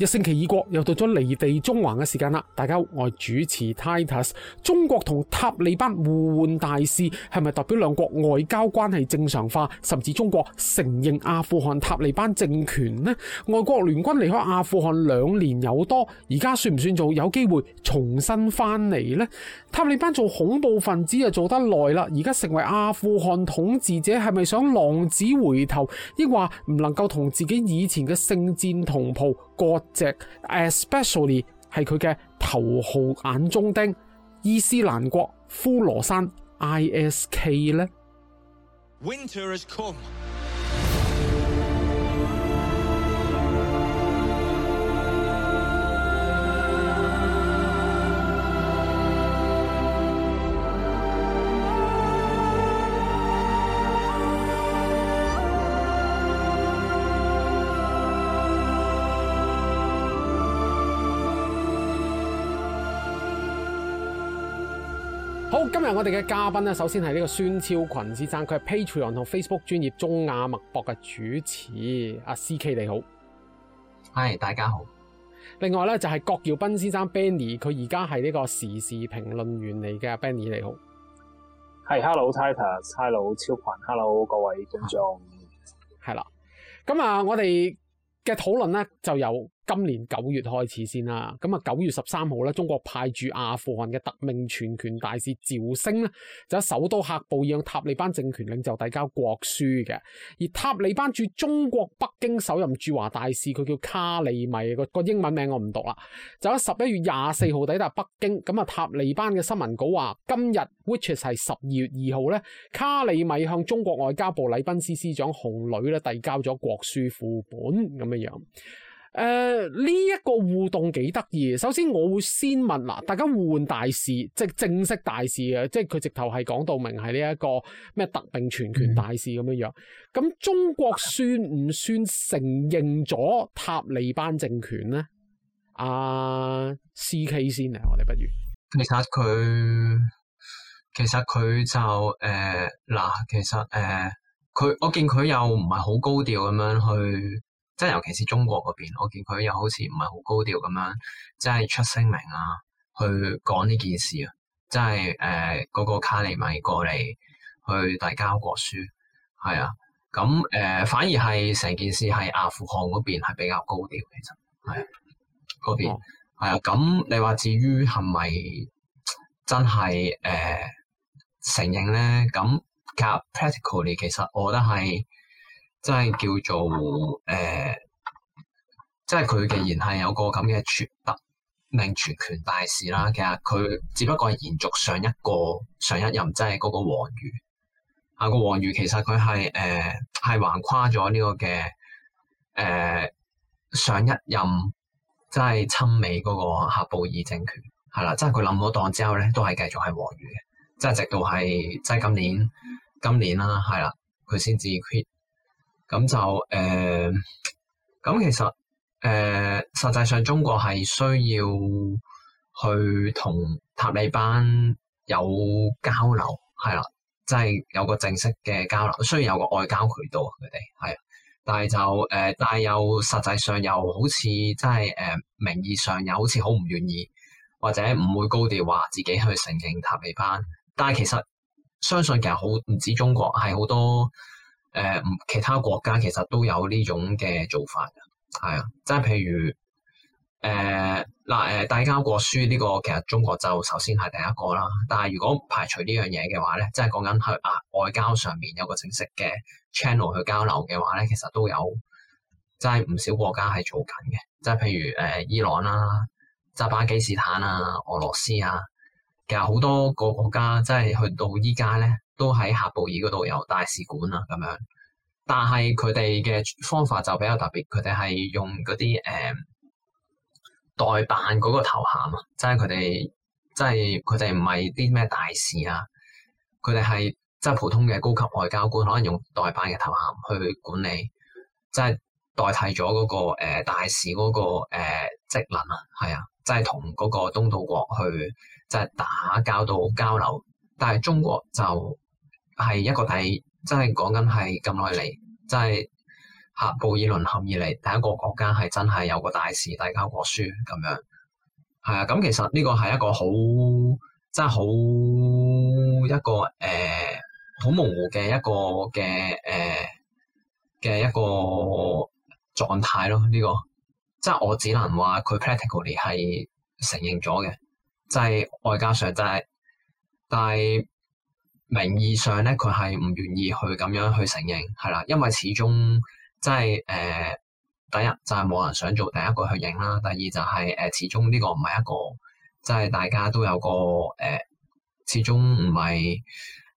一星期已過，又到咗離地縱橫嘅時間啦！大家好，我係主持 Titus，中國同塔利班互換大使，係咪代表兩國外交關係正常化，甚至中國承認阿富汗塔利班政權呢？外國聯軍離開阿富汗兩年有多，而家算唔算做有機會重新翻嚟呢？塔利班做恐怖分子啊，做得耐啦，而家成為阿富汗統治者，係咪想浪子回頭？抑或唔能夠同自己以前嘅聖戰同袍？各隻，especially 係佢嘅頭號眼中釘，伊斯蘭國呼羅山 （ISK） 咧。IS 今日我哋嘅嘉賓咧，首先係呢個孫超群先生，佢係 Patreon 同 Facebook 專頁中亞脈搏嘅主持。阿 C K 你好，係大家好。另外咧就係郭耀斌先生，Benny 佢而家係呢個時事評論員嚟嘅。Benny 你好，係 Hello，Titus，Hello 超群，Hello 各位觀眾，係啦。咁啊，我哋嘅討論咧就有。今年九月開始先啦，咁啊九月十三號咧，中國派駐阿富汗嘅特命全權大使趙星咧，就喺首都喀布爾向塔利班政權領袖遞交國書嘅。而塔利班駐中國北京首任駐華大使佢叫卡利米，個英文名我唔讀啦，就喺十一月廿四號抵達北京，咁啊塔利班嘅新聞稿話，今日，which is 係十二月二號咧，卡利米向中國外交部禮賓司司長洪磊咧遞交咗國書副本咁樣樣。誒呢一個互動幾得意，首先我會先問嗱，大家互換大使，即係正式大使啊！即係佢直頭係講到明係呢一個咩特命全權大使咁樣樣。咁中國算唔算承認咗塔利班政權咧？啊，CK 先嚟，我哋不如。其實佢其實佢就誒嗱，其實誒佢、呃呃、我見佢又唔係好高調咁樣去。即係尤其是中國嗰邊，我見佢又好似唔係好高調咁樣，即係出聲明啊，去講呢件事啊，即係誒嗰個卡尼米過嚟去遞交國書，係啊，咁誒、呃、反而係成件事係阿富汗嗰邊係比較高調嘅，其實嗰邊係啊，咁、嗯啊、你話至於係咪真係誒承認咧？咁其 practically 其實我覺得係。即係叫做誒、呃，即係佢既然係有個咁嘅全特命全權大使啦，其實佢只不過係延續上一個上一任，即係嗰個王瑜。啊，個王瑜其實佢係誒係橫跨咗呢個嘅誒、呃、上一任，即係親美嗰個夏布爾政權係啦，即係佢冧咗檔之後咧，都係繼續係王瑜嘅，即係直到係即係今年今年啦，係啦，佢先至咁就誒，咁、呃、其實誒、呃，實際上中國係需要去同塔利班有交流，係啦，即、就、係、是、有個正式嘅交流，雖然有個外交渠道佢哋係，但係就誒、呃，但係又實際上又好似即係誒，名義上又好似好唔願意，或者唔會高調話自己去承認塔利班，但係其實相信其實好唔止中國係好多。誒，其他國家其實都有呢種嘅做法係啊，即係譬如誒嗱，誒遞交國書呢個，其實中國就首先係第一個啦。但係如果排除呢樣嘢嘅話咧，即係講緊去啊外交上面有個正式嘅 channel 去交流嘅話咧，其實都有即係唔少國家係做緊嘅，即係譬如誒伊朗啦、啊，即係巴基斯坦啊，俄羅斯啊，其實好多個國家即係去到依家咧。都喺夏布爾嗰度有大使館啊，咁樣，但係佢哋嘅方法就比較特別，佢哋係用嗰啲誒代辦嗰個頭銜啊，即係佢哋即係佢哋唔係啲咩大使啊，佢哋係即係普通嘅高級外交官，可能用代辦嘅頭銜去管理，即係代替咗嗰個誒大使嗰個誒職能啊，係啊，即係同嗰個東道國去即係打交道交流，但係中國就。係一個大，真係講緊係咁耐嚟，真係喀布爾淪陷以嚟第一個國家係真係有個大事大國書，大家國書咁樣。係啊，咁、嗯、其實呢個係一個好，真係好一個誒，好模糊嘅一個嘅誒嘅一個狀態、呃、咯。呢、這個即係我只能話佢 practically 係承認咗嘅，即係外交上就係，但係。名義上咧，佢係唔願意去咁樣去承認，係啦，因為始終即係誒，第一就係、是、冇人想做第一個去認啦，第二就係、是、誒、呃，始終呢個唔係一個即係、就是、大家都有個誒、呃，始終唔係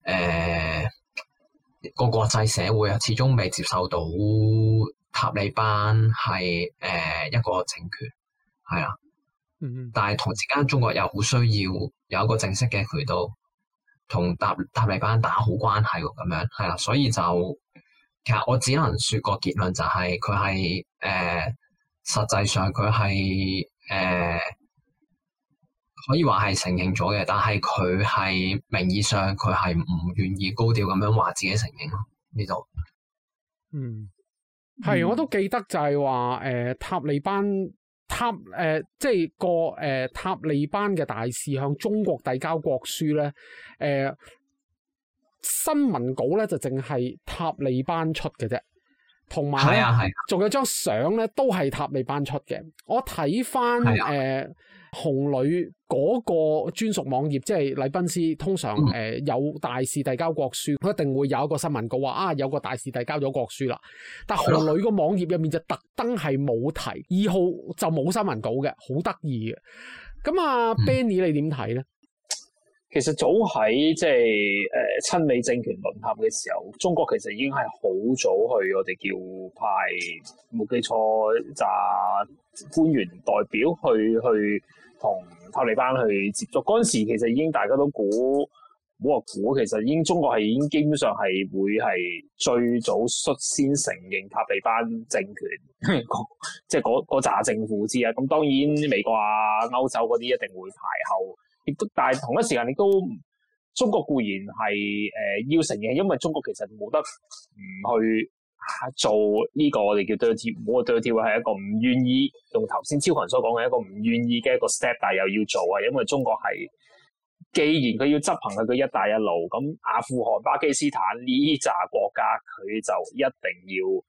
誒個國際社會啊，始終未接受到塔利班係誒、呃、一個政權，係啊，嗯嗯，但係同時間中國又好需要有一個正式嘅渠道。同塔塔利班打好關係喎，咁樣係啦，所以就其實我只能説個結論就係佢係誒實際上佢係誒可以話係承認咗嘅，但係佢係名義上佢係唔願意高調咁樣話自己承認咯。呢度嗯，係我都記得就係話誒塔利班。塔誒、呃、即係個誒、呃、塔利班嘅大使向中國遞交國書咧，誒、呃、新聞稿咧就淨係塔利班出嘅啫，同埋咧仲有，還有張相咧都係塔利班出嘅，我睇翻誒。呃紅旅嗰個專屬網頁，即係禮賓司，通常誒有大使遞交國書，嗯、一定會有一個新聞稿話啊有個大使遞交咗國書啦。但紅旅個網頁入面就特登係冇提，二的號就冇新聞稿嘅，好得意嘅。咁啊、嗯、Benny 你點睇咧？其實早喺即係誒親美政權淪陷嘅時候，中國其實已經係好早去我哋叫派，冇記錯，揸官員代表去去。去同塔利班去接觸，嗰陣時其實已經大家都估，冇話估，其實已經中國係已經基本上係會係最早率先承認塔利班政權，即係嗰嗰政府知啊。咁當然美國啊、歐洲嗰啲一定會排後，亦都但係同一時間亦都中國固然係誒、呃、要承認，因為中國其實冇得唔去。做呢個我哋叫 double 跳，我 double 跳係一個唔願意用頭先超群所講嘅一個唔願意嘅一個 step，但又要做啊，因為中國係既然佢要執行佢嘅一帶一路，咁阿富汗、巴基斯坦呢扎國家佢就一定要，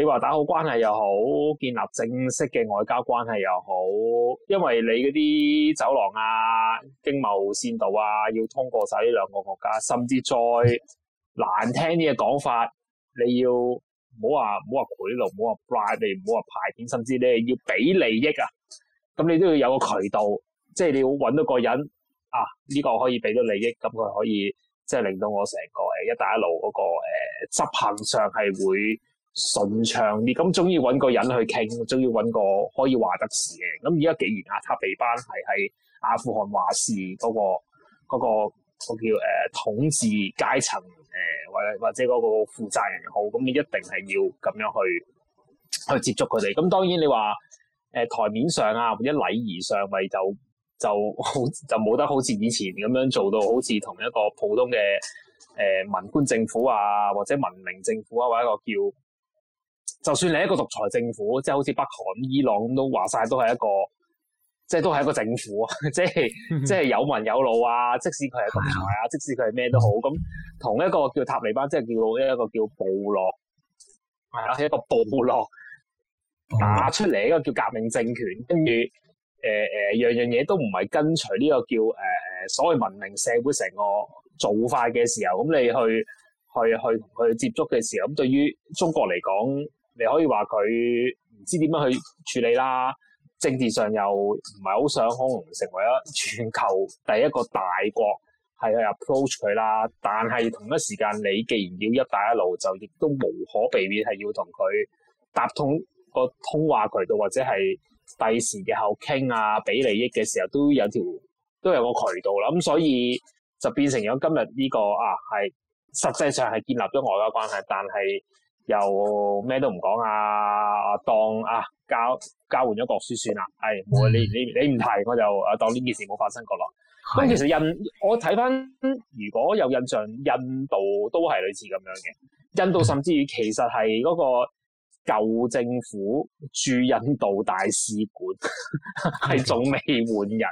你話打好關係又好，建立正式嘅外交關係又好，因為你嗰啲走廊啊、經貿綫道啊，要通過晒呢兩個國家，甚至再難聽啲嘅講法。你要唔好話唔好話賄賂，唔好話 bribe，你唔好話派錢，甚至你要俾利益啊！咁你都要有個渠道，即係你要揾到個人啊，呢個可以俾到利益，咁佢可以即係令到我成個誒一帶一路嗰個誒執行上係會順暢啲。咁終於揾個人去傾，終於揾個可以話得事嘅。咁而家既然阿塔比班係喺阿富汗話事嗰個嗰個嗰叫誒統治階層。誒，或者或者嗰個負責人好，咁你一定係要咁樣去去接觸佢哋。咁當然你話誒、呃、台面上啊，或者禮儀上咪就就好就冇得好似以前咁樣做到，好似同一個普通嘅誒民官政府啊，或者文明政府啊，或者一個叫就算你一個獨裁政府，即係好似北韓、伊朗咁，都話晒都係一個。即係都係一個政府，即係即係有文有武啊！即使佢係國台啊， 即使佢係咩都好，咁同一個叫塔利班，即係叫一個叫部落，係咯，係 一個部落打出嚟一個叫革命政權，呃呃、跟住誒誒樣樣嘢都唔係跟隨呢個叫誒誒、呃、所謂文明社會成個做法嘅時候，咁你去去去同佢接觸嘅時候，咁對於中國嚟講，你可以話佢唔知點樣去處理啦。政治上又唔係好想可能成為咗全球第一個大國，係去 approach 佢啦。但係同一時間，你既然要一帶一路，就亦都無可避免係要同佢搭通個通話渠道，或者係第時嘅、啊、時候傾啊，俾利益嘅時候都有條都有個渠道啦。咁、嗯、所以就變成咗今日呢、呢個啊，係實際上係建立咗外交關係，但係。又咩都唔講啊！當啊交交換咗國書算啦，係、哎、冇、嗯、你你你唔提我就啊當呢件事冇發生過咯。咁的其實印我睇翻，如果有印象，印度都係類似咁樣嘅。印度甚至其實係嗰個舊政府駐印度大使館係仲未換人，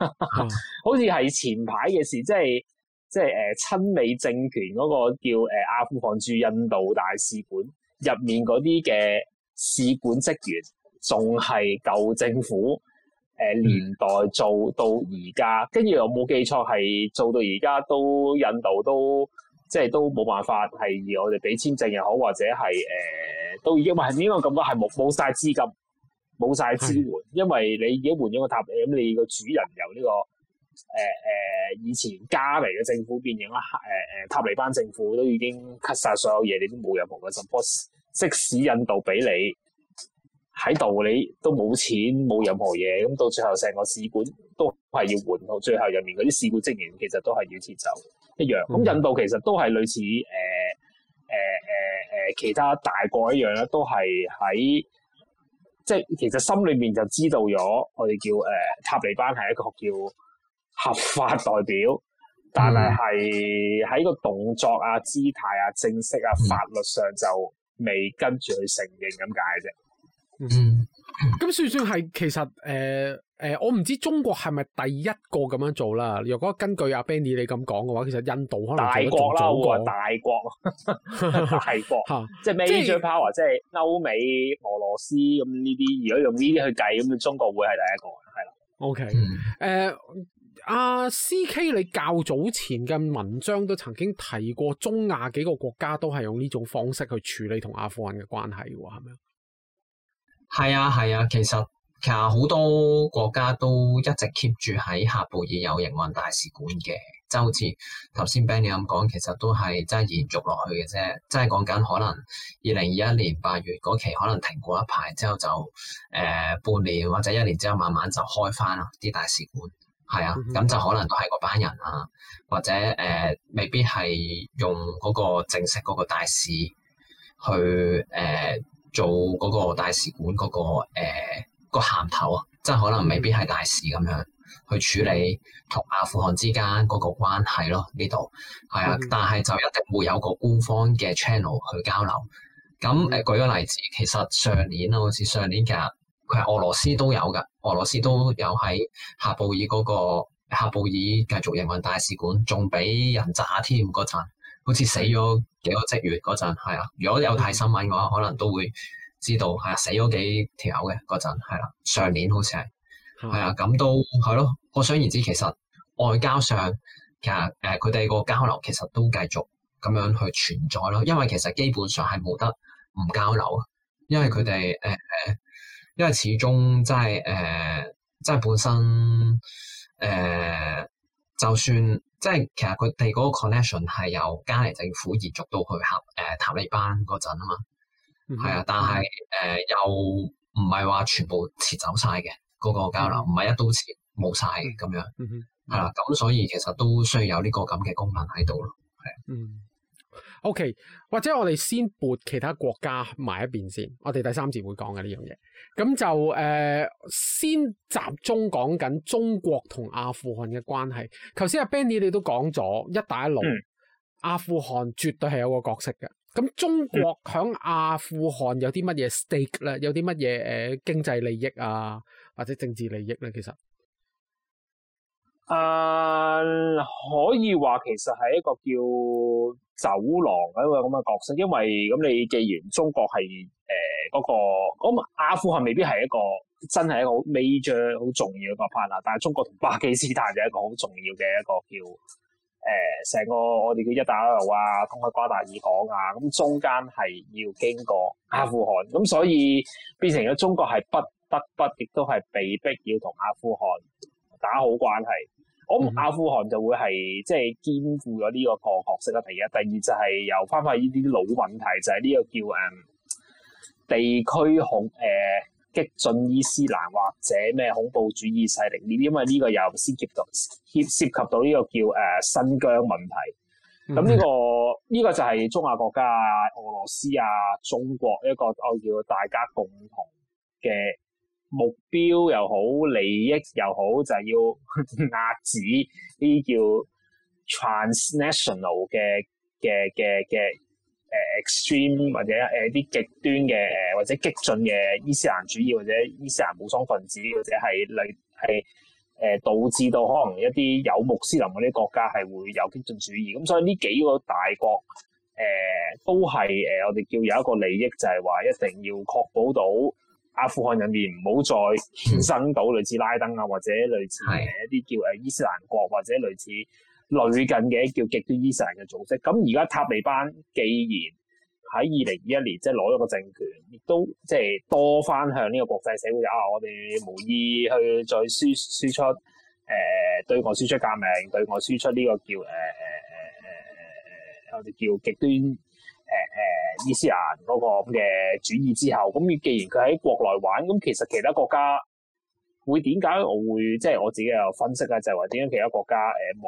嗯、 好似係前排嘅事，即係。即係誒，親美政權嗰個叫誒阿富汗駐印度大使館入面嗰啲嘅使館職員，仲係舊政府誒、呃、年代做到而家，跟住我冇記錯係做到而家都印度都即係都冇辦法係我哋俾簽證又好，或者係誒、呃、都已經，我係點解感覺係冇冇晒資金，冇晒支援，嗯、因為你已經換咗個塔，咁你個主人由呢、這個。誒誒、呃，以前加嚟加尼嘅政府變形啦，誒、呃、誒，塔利班政府都已經 cut 晒所有嘢，你都冇任何嘅 support。即使印度俾你喺度，你都冇錢，冇任何嘢。咁到最後成個使館都係要換，到最後入面嗰啲使館職員其實都係要撤走一樣。咁、嗯、印度其實都係類似誒誒誒誒，其他大國一樣啦，都係喺即係其實心裏面就知道咗，我哋叫誒、呃、塔利班係一個叫。合法代表，但係係喺個動作啊、姿態啊、正式啊、法律上就未跟住去承認咁解啫。嗯，咁算算係，其實誒誒、呃呃，我唔知中國係咪第一個咁樣做啦。如果根據阿 Benny 你咁講嘅話，其實印度可能大國啦，個大國， 大國吓，即係 major power，即係歐美、俄羅斯咁呢啲。如果用呢啲去計，咁、嗯、中國會係第一個係啦。OK，誒、嗯。呃阿、啊、C.K.，你較早前嘅文章都曾經提過，中亞幾個國家都係用呢種方式去處理同阿富汗嘅關係，係咪啊？係啊，係啊。其實其實好多國家都一直 keep 住喺夏布爾有營運大使館嘅，即係好似頭先 Ben 你咁講，其實都係真係延續落去嘅啫。即係講緊可能二零二一年八月嗰期可能停過一排之後就誒、呃、半年或者一年之後慢慢就開翻啦啲大使館。係啊，咁就可能都係嗰班人啊，或者誒、呃、未必係用嗰個正式嗰個大使去誒、呃、做嗰個大使館嗰、嗰個誒個銜頭啊，即係可能未必係大使咁樣去處理同阿富汗之間嗰個關係咯。呢度係啊，但係就一定會有個官方嘅 channel 去交流。咁誒舉個例子，其實上年啊，好似上年嘅。佢係俄羅斯都有嘅，俄羅斯都有喺喀布爾嗰、那個喀布爾繼續營運大使館，仲俾人炸添個陣，好似死咗幾個職員嗰陣，係啦。如果有睇新聞嘅話，可能都會知道係啊，死咗幾條嘅嗰陣，係啦。上年好似係係啊，咁、嗯、都係咯。可想而知，其實外交上其實誒佢哋個交流其實都繼續咁樣去存在咯，因為其實基本上係冇得唔交流，因為佢哋誒誒。呃呃因為始終即係誒，即、呃、係本身誒、呃，就算即係其實佢哋嗰個 connection 係由加尼政府延續到去合誒塔利班嗰陣啊嘛，係、嗯、哼啊，但係誒、呃、又唔係話全部撤走晒嘅，個、那個交流唔係、嗯、哼一刀切冇晒咁樣，係啦、嗯哼，咁、啊、所以其實都需要有呢、這個咁嘅功能喺度咯，係、啊。嗯 O.K. 或者我哋先撥其他國家埋一邊先，我哋第三節會講嘅呢樣嘢。咁就誒、呃、先集中講緊中國同阿富汗嘅關係。頭先阿 Benny 你都講咗一帶一路，嗯、阿富汗絕對係有個角色嘅。咁中國響阿富汗有啲乜嘢 stake 咧？有啲乜嘢誒經濟利益啊，或者政治利益咧？其實。啊，uh, 可以話其實係一個叫走廊一個咁嘅角色，因為咁你既然中國係誒嗰個咁阿富汗未必係一個真係一個好 major 好重要嘅 partner 啦，但係中國同巴基斯坦就一個好重要嘅一個叫誒成、呃、個我哋叫一帶一路啊，通去瓜達爾港啊，咁中間係要經過阿富汗，咁所以變成咗中國係不得不亦都係被逼要同阿富汗打好關係。我、嗯、阿富汗就會係即係肩負咗呢個個角色嘅。第一、第二就係又翻翻呢啲老問題，就係、是、呢個叫誒、嗯、地區恐誒、呃、激進伊斯蘭或者咩恐怖主義勢力呢啲，因為呢個又涉及到涉涉及到呢個叫誒、呃、新疆問題。咁呢、嗯哼呢個呢、呢個就係中亞國家、俄羅斯啊、中國一個我叫大家共同嘅。目標又好，利益又好，就係、是、要壓止呢啲叫 transnational 嘅嘅嘅嘅誒 extreme 或者誒啲極端嘅或者激進嘅伊斯蘭主義或者伊斯蘭武裝分子，或者係嚟係誒導致到可能一啲有穆斯林嗰啲國家係會有激進主義。咁所以呢幾個大國誒、呃、都係誒、呃、我哋叫有一個利益，就係、是、話一定要確保到。阿富汗入面唔好再衍生到類似拉登啊，或者類似一啲叫誒伊斯蘭國或者類似類近嘅叫極端伊斯蘭嘅組織。咁而家塔利班既然喺二零二一年即係攞咗個政權，亦都即係多翻向呢個國際社會啊，我哋無意去再輸輸出誒、呃、對外輸出革命，對外輸出呢個叫誒我哋叫極端，誒誒，伊斯蘭嗰個咁嘅主義之後，咁既然佢喺國內玩，咁其實其他國家會點解，我會即係我自己有分析咧，就係話點解其他國家誒冇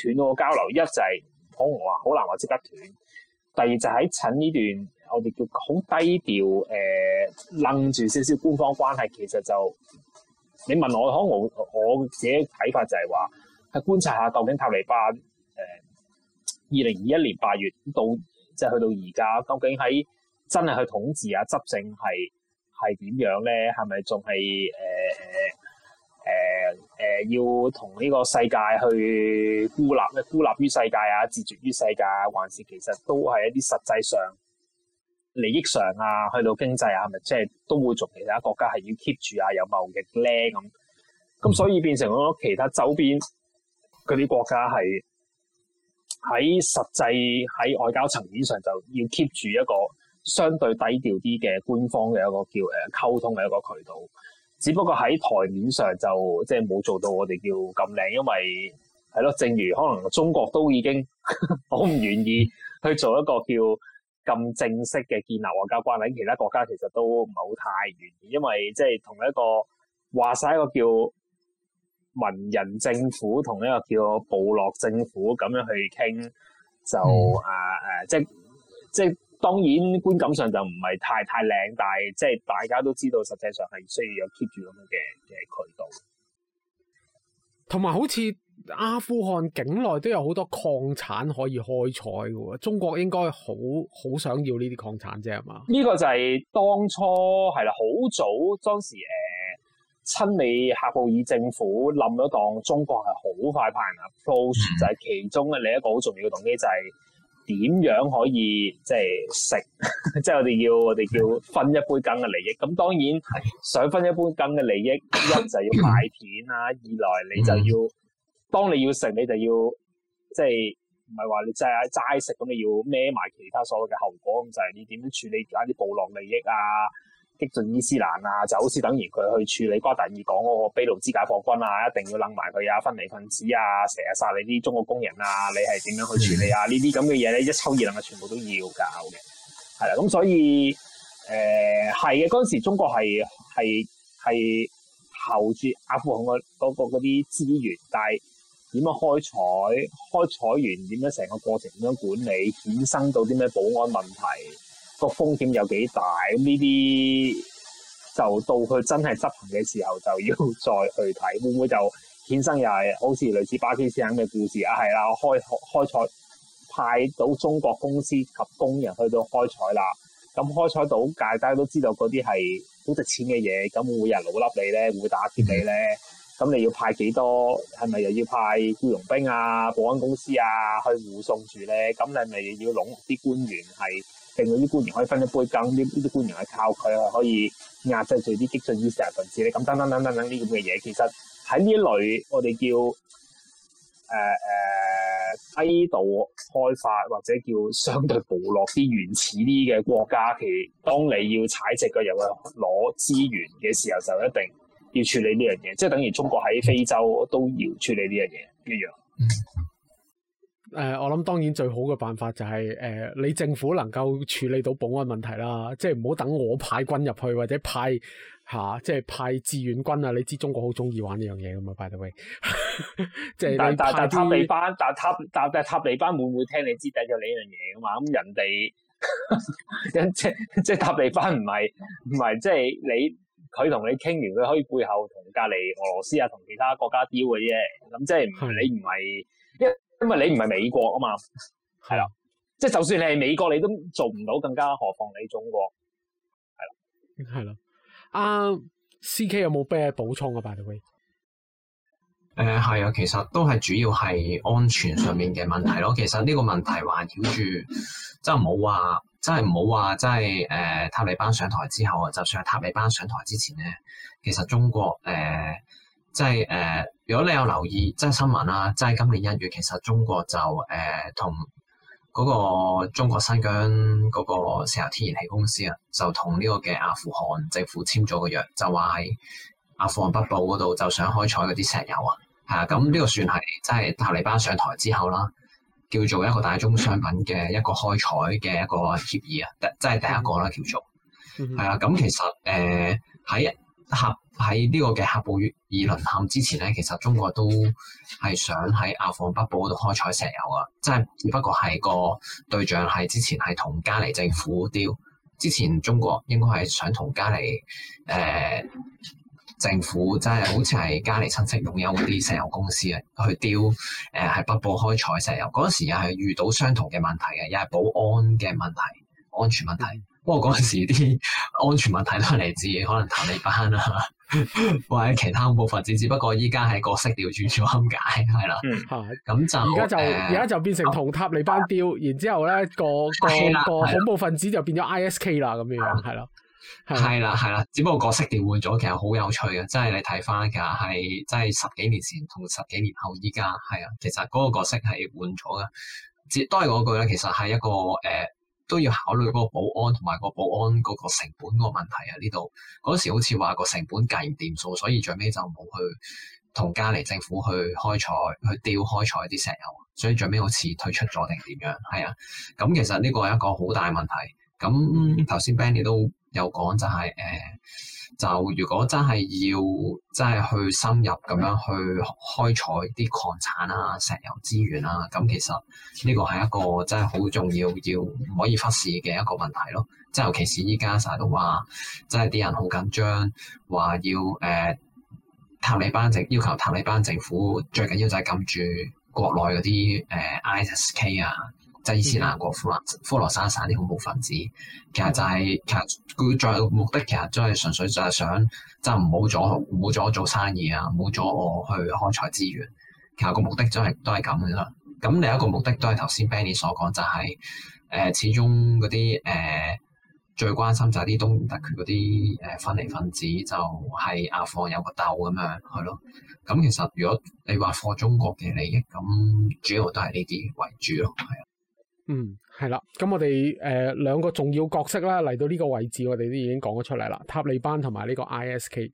斷過個交流？一就係可能話好難話即刻斷，第二就喺趁呢段我哋叫好低調誒，愣住少少官方關係，其實就你問我可能我，我自己嘅睇法就係話去觀察下究竟塔利班誒二零二一年八月到。即係去到而家，究竟喺真係去統治啊、執政係係點樣咧？係咪仲係誒誒誒誒要同呢個世界去孤立咧？孤立於世界啊，自絕於世界，還是其實都係一啲實際上利益上啊，去到經濟啊，係咪即係都會從其他國家係要 keep 住啊有貿易咧咁？咁所以變成咗其他周邊嗰啲國家係。喺實際喺外交層面上，就要 keep 住一個相對低調啲嘅官方嘅一個叫誒溝通嘅一個渠道。只不過喺台面上就即係冇做到我哋叫咁靚，因為係咯，正如可能中國都已經好 唔願意去做一個叫咁正式嘅建立外交關係。其他國家其實都唔係好太願意，因為即係同一個話晒一個叫。文人政府同呢個叫做部落政府咁樣去傾，就、嗯、啊誒，即即當然觀感上就唔係太太靚，但係即大家都知道，實際上係需要有 keep 住咁嘅嘅渠道。同埋好似阿富汗境內都有好多礦產可以開採嘅喎，中國應該好好想要呢啲礦產啫，係嘛？呢個就係當初係啦，好早當時誒。親美喀布爾政府冧咗檔，中國係好快派人嚟、嗯，就係其中嘅另一個好重要嘅動機，就係點樣可以即係食，即、就、係、是、 我哋要，我哋要分一杯羹嘅利益。咁當然是想分一杯羹嘅利益，一就係要買片啦， 二來你就要當你要食，你就要即係唔係話你就係齋食，咁你要孭埋其他所有嘅後果，咁就係、是、你點樣處理啱啲部落利益啊？激進伊斯蘭啊，就好似等於佢去處理瓜達爾港嗰個俾路支解放軍啊，一定要擸埋佢啊，分離分子啊，成日殺你啲中國工人啊，你係點樣去處理啊？呢啲咁嘅嘢咧，一抽二能啊，全部都要教嘅，係啦。咁所以誒係嘅，嗰、呃、陣時中國係係係睺住阿富汗嗰、那個嗰啲、那個、資源，但係點樣開採、開採完點樣成個過程點樣管理，衍生到啲咩保安問題？個風險有幾大，呢啲就到佢真係執行嘅時候，就要再去睇會唔會就衍生又係好似類似巴基斯坦嘅故事啊？係啦、啊，開開採派到中國公司及工人去到開採啦。咁開採到，介大家都知道嗰啲係好值錢嘅嘢，咁會唔會人老笠你咧？會打劫你咧？咁你要派幾多？係咪又要派雇傭兵啊、保安公司啊去護送住咧？咁你咪要籠絡啲官員係？定嗰啲官員可以分一杯羹，呢呢啲官員係靠佢係可以壓制住啲激進意識分子咧，咁等等等等等啲咁嘅嘢。其實喺呢一類我哋叫誒誒、呃、低度開發或者叫相對部落啲原始啲嘅國家，其當你要踩隻腳入去攞資源嘅時候，就一定要處理呢樣嘢，即係等於中國喺非洲都要處理呢樣嘢一樣。誒、呃，我諗當然最好嘅辦法就係、是、誒、呃，你政府能夠處理到保安問題啦，即係唔好等我派軍入去或者派吓、啊，即係派志願軍啊！你知中國好中意玩呢樣嘢噶嘛？ 派到去，即係但塔利班但塔但但塔利班會唔會聽你之第就呢樣嘢噶嘛？咁人哋， 即即塔利班唔係唔係即係你佢同你傾完，佢可以背後同隔籬俄羅斯啊同其他國家刁嘅啫。咁即係你唔係一。因為你唔係美國啊嘛，係啦的，即係就算你係美國，你都做唔到，更加何況你中國，係啦，係啦的。阿 CK 有冇咩補充啊？大衛，誒係啊，其實都係主要係安全上面嘅問題咯。其實呢個問題環繞住，即係唔好話，真係唔好話，即係誒塔利班上台之後啊，就算係塔利班上台之前咧，其實中國誒。呃即係誒、呃，如果你有留意，即係新聞啦，即係今年一月，其實中國就誒同嗰個中國新疆嗰個石油天然氣公司啊，就同呢個嘅阿富汗政府簽咗個約，就話喺阿富汗北部嗰度就想開採嗰啲石油啊，係啊，咁呢個算係即係塔利班上台之後啦，叫做一個大宗商品嘅一個開採嘅一個協議啊，即係第一個啦，叫做，係啊，咁其實誒喺塔。呃喺呢個嘅喀布爾淪陷之前咧，其實中國都係想喺阿富汗北部度開採石油啊！即係只不過係個對象係之前係同加尼政府釣，之前中國應該係想同加尼誒政府，即係好似係加尼親戚擁有嗰啲石油公司啊，去釣誒喺北部開採石油。嗰陣時又係遇到相同嘅問題嘅，又係保安嘅問題、安全問題。不過嗰陣時啲安全問題都係嚟自，可能塔利班啊，或者其他恐怖分子。只不過依家係角色調轉咗，咁解係啦。咁就而家就而家就變成同塔利班調，然之後咧個個恐怖分子就變咗 ISK 啦，咁樣樣係啦，係啦，係啦。只不過角色調換咗，其實好有趣嘅，即係你睇翻嘅係，即係十幾年前同十幾年後依家係啊。其實嗰個角色係換咗嘅，都係嗰句咧，其實係一個誒。都要考慮個保安同埋個保安嗰個成本個問題啊！呢度嗰時好似話個成本計唔掂數，所以最尾就冇去同加尼政府去開採，去調開採啲石油，所以最尾好似退出咗定點樣？係啊，咁其實呢個係一個好大問題。咁頭先 Benny 都有講就係誒。就如果真係要真係去深入咁樣去開採啲礦產啊、石油資源啊，咁其實呢個係一個真係好重要，要唔可以忽視嘅一個問題咯。即係尤其是依家成日都話，即係啲人好緊張，話要誒塔、呃、利班政要求塔利班政府最緊要就係撳住國內嗰啲誒 IS-K 啊。即係伊斯蘭國富啊，科、嗯、羅沙省啲恐怖分子，其實就係、是嗯、其，其實佢最後目的，其實都係純粹就係想就唔好阻，唔好阻做生意啊，唔好阻我去開採資源。其實個目的、就是、都係都係咁噶啦。咁另一個目的都係頭先 Benny 所講，就係、是、誒、呃，始終嗰啲誒最關心就係啲東突厥嗰啲誒分裂分子，就係、是、阿富汗有個竇咁樣去咯。咁其實如果你話貨中國嘅利益，咁主要都係呢啲為主咯，係啊。嗯，係啦，咁我哋誒、呃、兩個重要角色啦，嚟到呢個位置，我哋都已經講咗出嚟啦，塔利班同埋呢個 IS-K，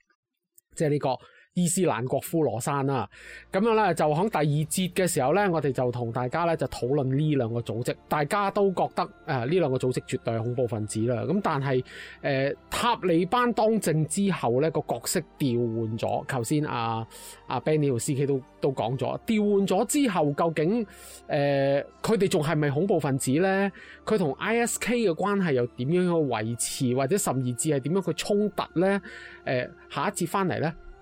即係呢、呢個。伊斯蘭國呼羅珊、呼羅珊啦，咁樣咧就喺第二節嘅時候咧，我哋就同大家咧就討論呢兩個組織，大家都覺得誒呢兩個組織絕對係恐怖分子啦。咁但係誒、呃、塔利班當政之後咧個角色調換咗，頭先阿、啊、阿、啊、Beny 同 C.K 都都講咗，調換咗之後究竟誒佢哋仲係咪恐怖分子咧？佢同 I.S.K 嘅關係又點樣去維持，或者甚至係點樣去衝突咧？誒、呃，下一節翻嚟咧。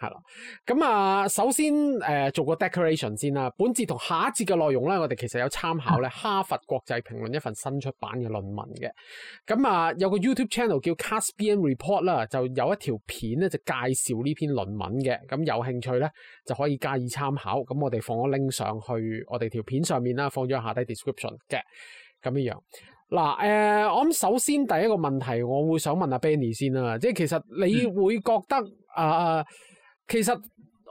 係啦，咁啊、嗯，首先誒、呃、做個 declaration 先啦。本節同下一節嘅內容咧，我哋其實有參考咧哈佛國際評論一份新出版嘅論文嘅。咁、嗯、啊、嗯，有個 YouTube channel 叫 Caspian Report 啦，就有一條片咧就介紹呢篇論文嘅。咁、嗯、有興趣咧就可以加以參考。咁我哋放咗 link 上去我哋條片上面啦，放咗下低 description 嘅咁樣。嗱誒、呃，我諗首先第一個問題，我會想問阿 Benny 先啦。即係其實你會覺得啊？嗯呃其實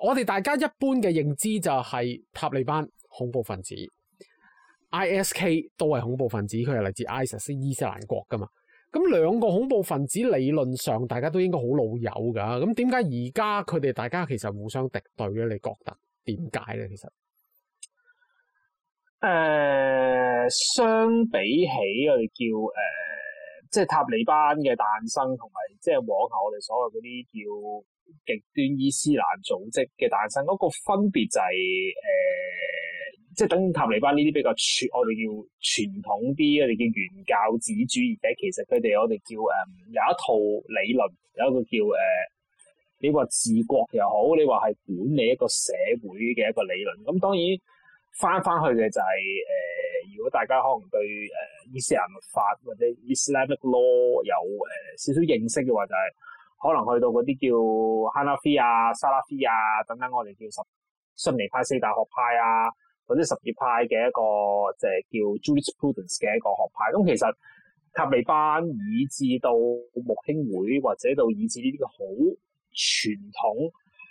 我哋大家一般嘅認知就係塔利班，恐怖分子，IS-K 都係恐怖分子，佢係嚟自 ISIS 伊斯蘭國㗎嘛。咁兩個恐怖分子理論上大家都應該好老友㗎，咁點解而家佢哋大家其實互相敵對咧？你覺得點解咧？其實，誒、呃，相比起我哋叫誒，即、呃、係、就係、塔利班嘅誕生同埋，即係往後我哋所謂嗰啲叫。極端伊斯蘭組織嘅誕生，嗰、那個分別就係、是、誒、呃，即係等於塔利班呢啲比較傳，我哋叫傳統啲，我哋叫原教旨主義者。其實佢哋我哋叫誒、嗯，有一套理論，有一個叫誒、呃，你話治國又好，你話係管理一個社會嘅一個理論。咁、嗯、當然翻翻去嘅就係、是、誒、呃，如果大家可能對誒、呃、伊斯蘭法或者 Islamic law 有誒、呃、少少認識嘅話、就是，就係。可能去到嗰啲叫哈拉菲啊、沙拉菲啊等等，我哋叫遜尼派四大學派啊，或者什葉派嘅一個即係叫 Jurisprudence 嘅一個學派。咁其實塔利班以至到穆兄會，或者到以至呢啲好傳統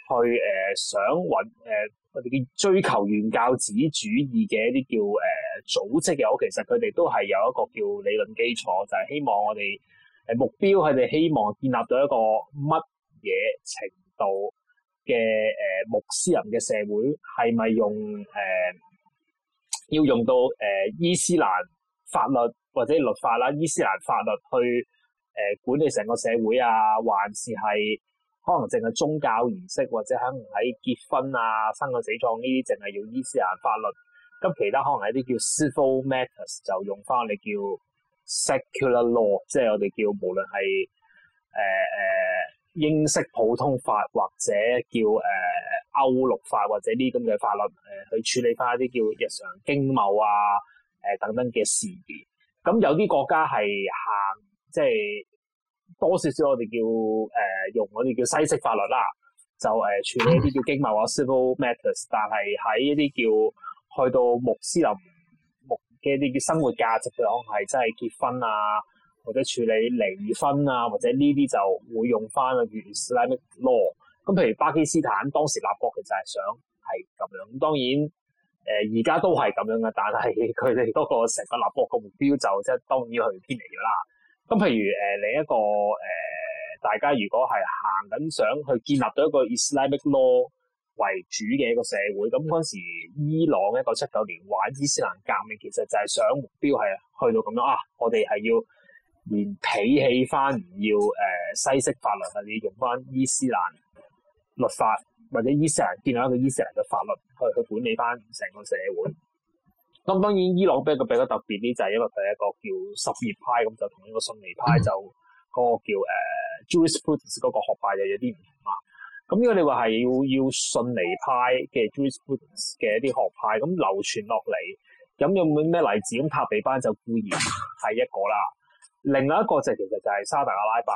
去誒、呃、想揾誒、呃、我哋叫追求原教旨主義嘅一啲叫誒、呃、組織嘅，我其實佢哋都係有一個叫理論基礎，就係、是、希望我哋。誒目標，佢哋希望建立到一個乜嘢程度嘅誒穆斯林嘅社會，係咪用誒、呃、要用到誒伊斯蘭法律或者律法啦？伊斯蘭法，法，法律去誒、呃、管理成個社會啊，還是係可能淨係宗教儀式，或者可能喺結婚啊、生個死葬呢啲，淨係用伊斯蘭法律，咁其他可能係啲叫 civil matters 就用翻你叫。Secular law，即係我哋叫無論係誒誒英式普通法或者叫誒、呃、歐陸法或者呢咁嘅法律誒、呃、去處理返一啲叫日常經貿啊誒、呃、等等嘅事件。咁有啲國家係行，即係多少少我哋叫誒、呃、用我哋叫西式法律啦，就誒、呃、處理一啲叫經貿啊 civil matters，但係喺一啲叫去到穆斯林。嘅啲嘅生活價值嚟講，係真係結婚啊，或者處理離婚啊，或者呢啲就會用翻個 Islamic law。咁譬如巴基斯坦當時立國其實係想係咁樣，咁當然誒而家都係咁樣嘅，但係佢哋嗰個成個立國嘅目標就即係當然要去偏離㗎啦。咁譬如誒、呃、另一個誒、呃，大家如果係行緊想去建立到一個 Islamic law 為主嘅一個社會，咁嗰陣時，伊朗一九七九年玩伊斯蘭革命，其實就係想目標係去到咁樣啊！我哋係要連皮起翻，唔要誒、呃、西式法律啊，你要用翻伊斯蘭律法或者伊斯蘭，建立一個伊斯蘭嘅法律去去管理翻成個社會。咁、嗯、當然，伊朗比較比較特別啲，就係、是、因為佢係一個叫什葉派咁，就同一個遜尼派就嗰、嗯、個叫誒 jurisprudence 嗰個學派就有啲唔同啊。咁如果你話係要要遜尼派嘅 Druids 嘅一啲學派，咁流傳落嚟，咁有冇咩例子？咁、嗯、塔利班就固然係一個啦，另外一個就其實就係沙特阿拉伯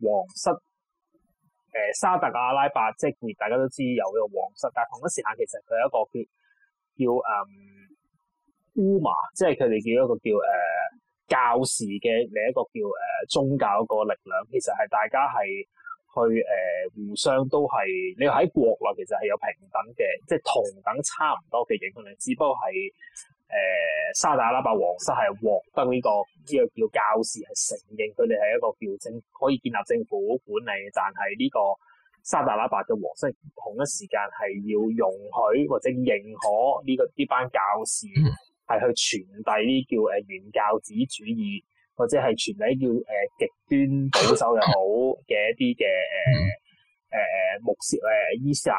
皇室，誒、呃、沙特阿拉伯即係大家都知有個皇室，但係同一時間其實佢有一個叫叫誒烏馬，即係佢哋叫一個叫誒、呃、教士嘅另一個叫誒、呃、宗教嗰個力量，其實係大家係。去誒、呃、互相都係你喺國內其實係有平等嘅，即係同等差唔多嘅影響力，只不過係誒、呃、沙特阿拉伯皇室係獲得呢、這個呢、這個叫教士係承認佢哋係一個叫政可以建立政府管理，但係呢個沙特阿拉伯嘅皇室同一時間係要容許或者認可呢、這個啲、這個這個、班教士係去傳遞呢叫誒原教旨主義。或者係存在叫誒、呃、極端保守又好嘅一啲嘅誒誒誒穆斯伊斯、呃、蘭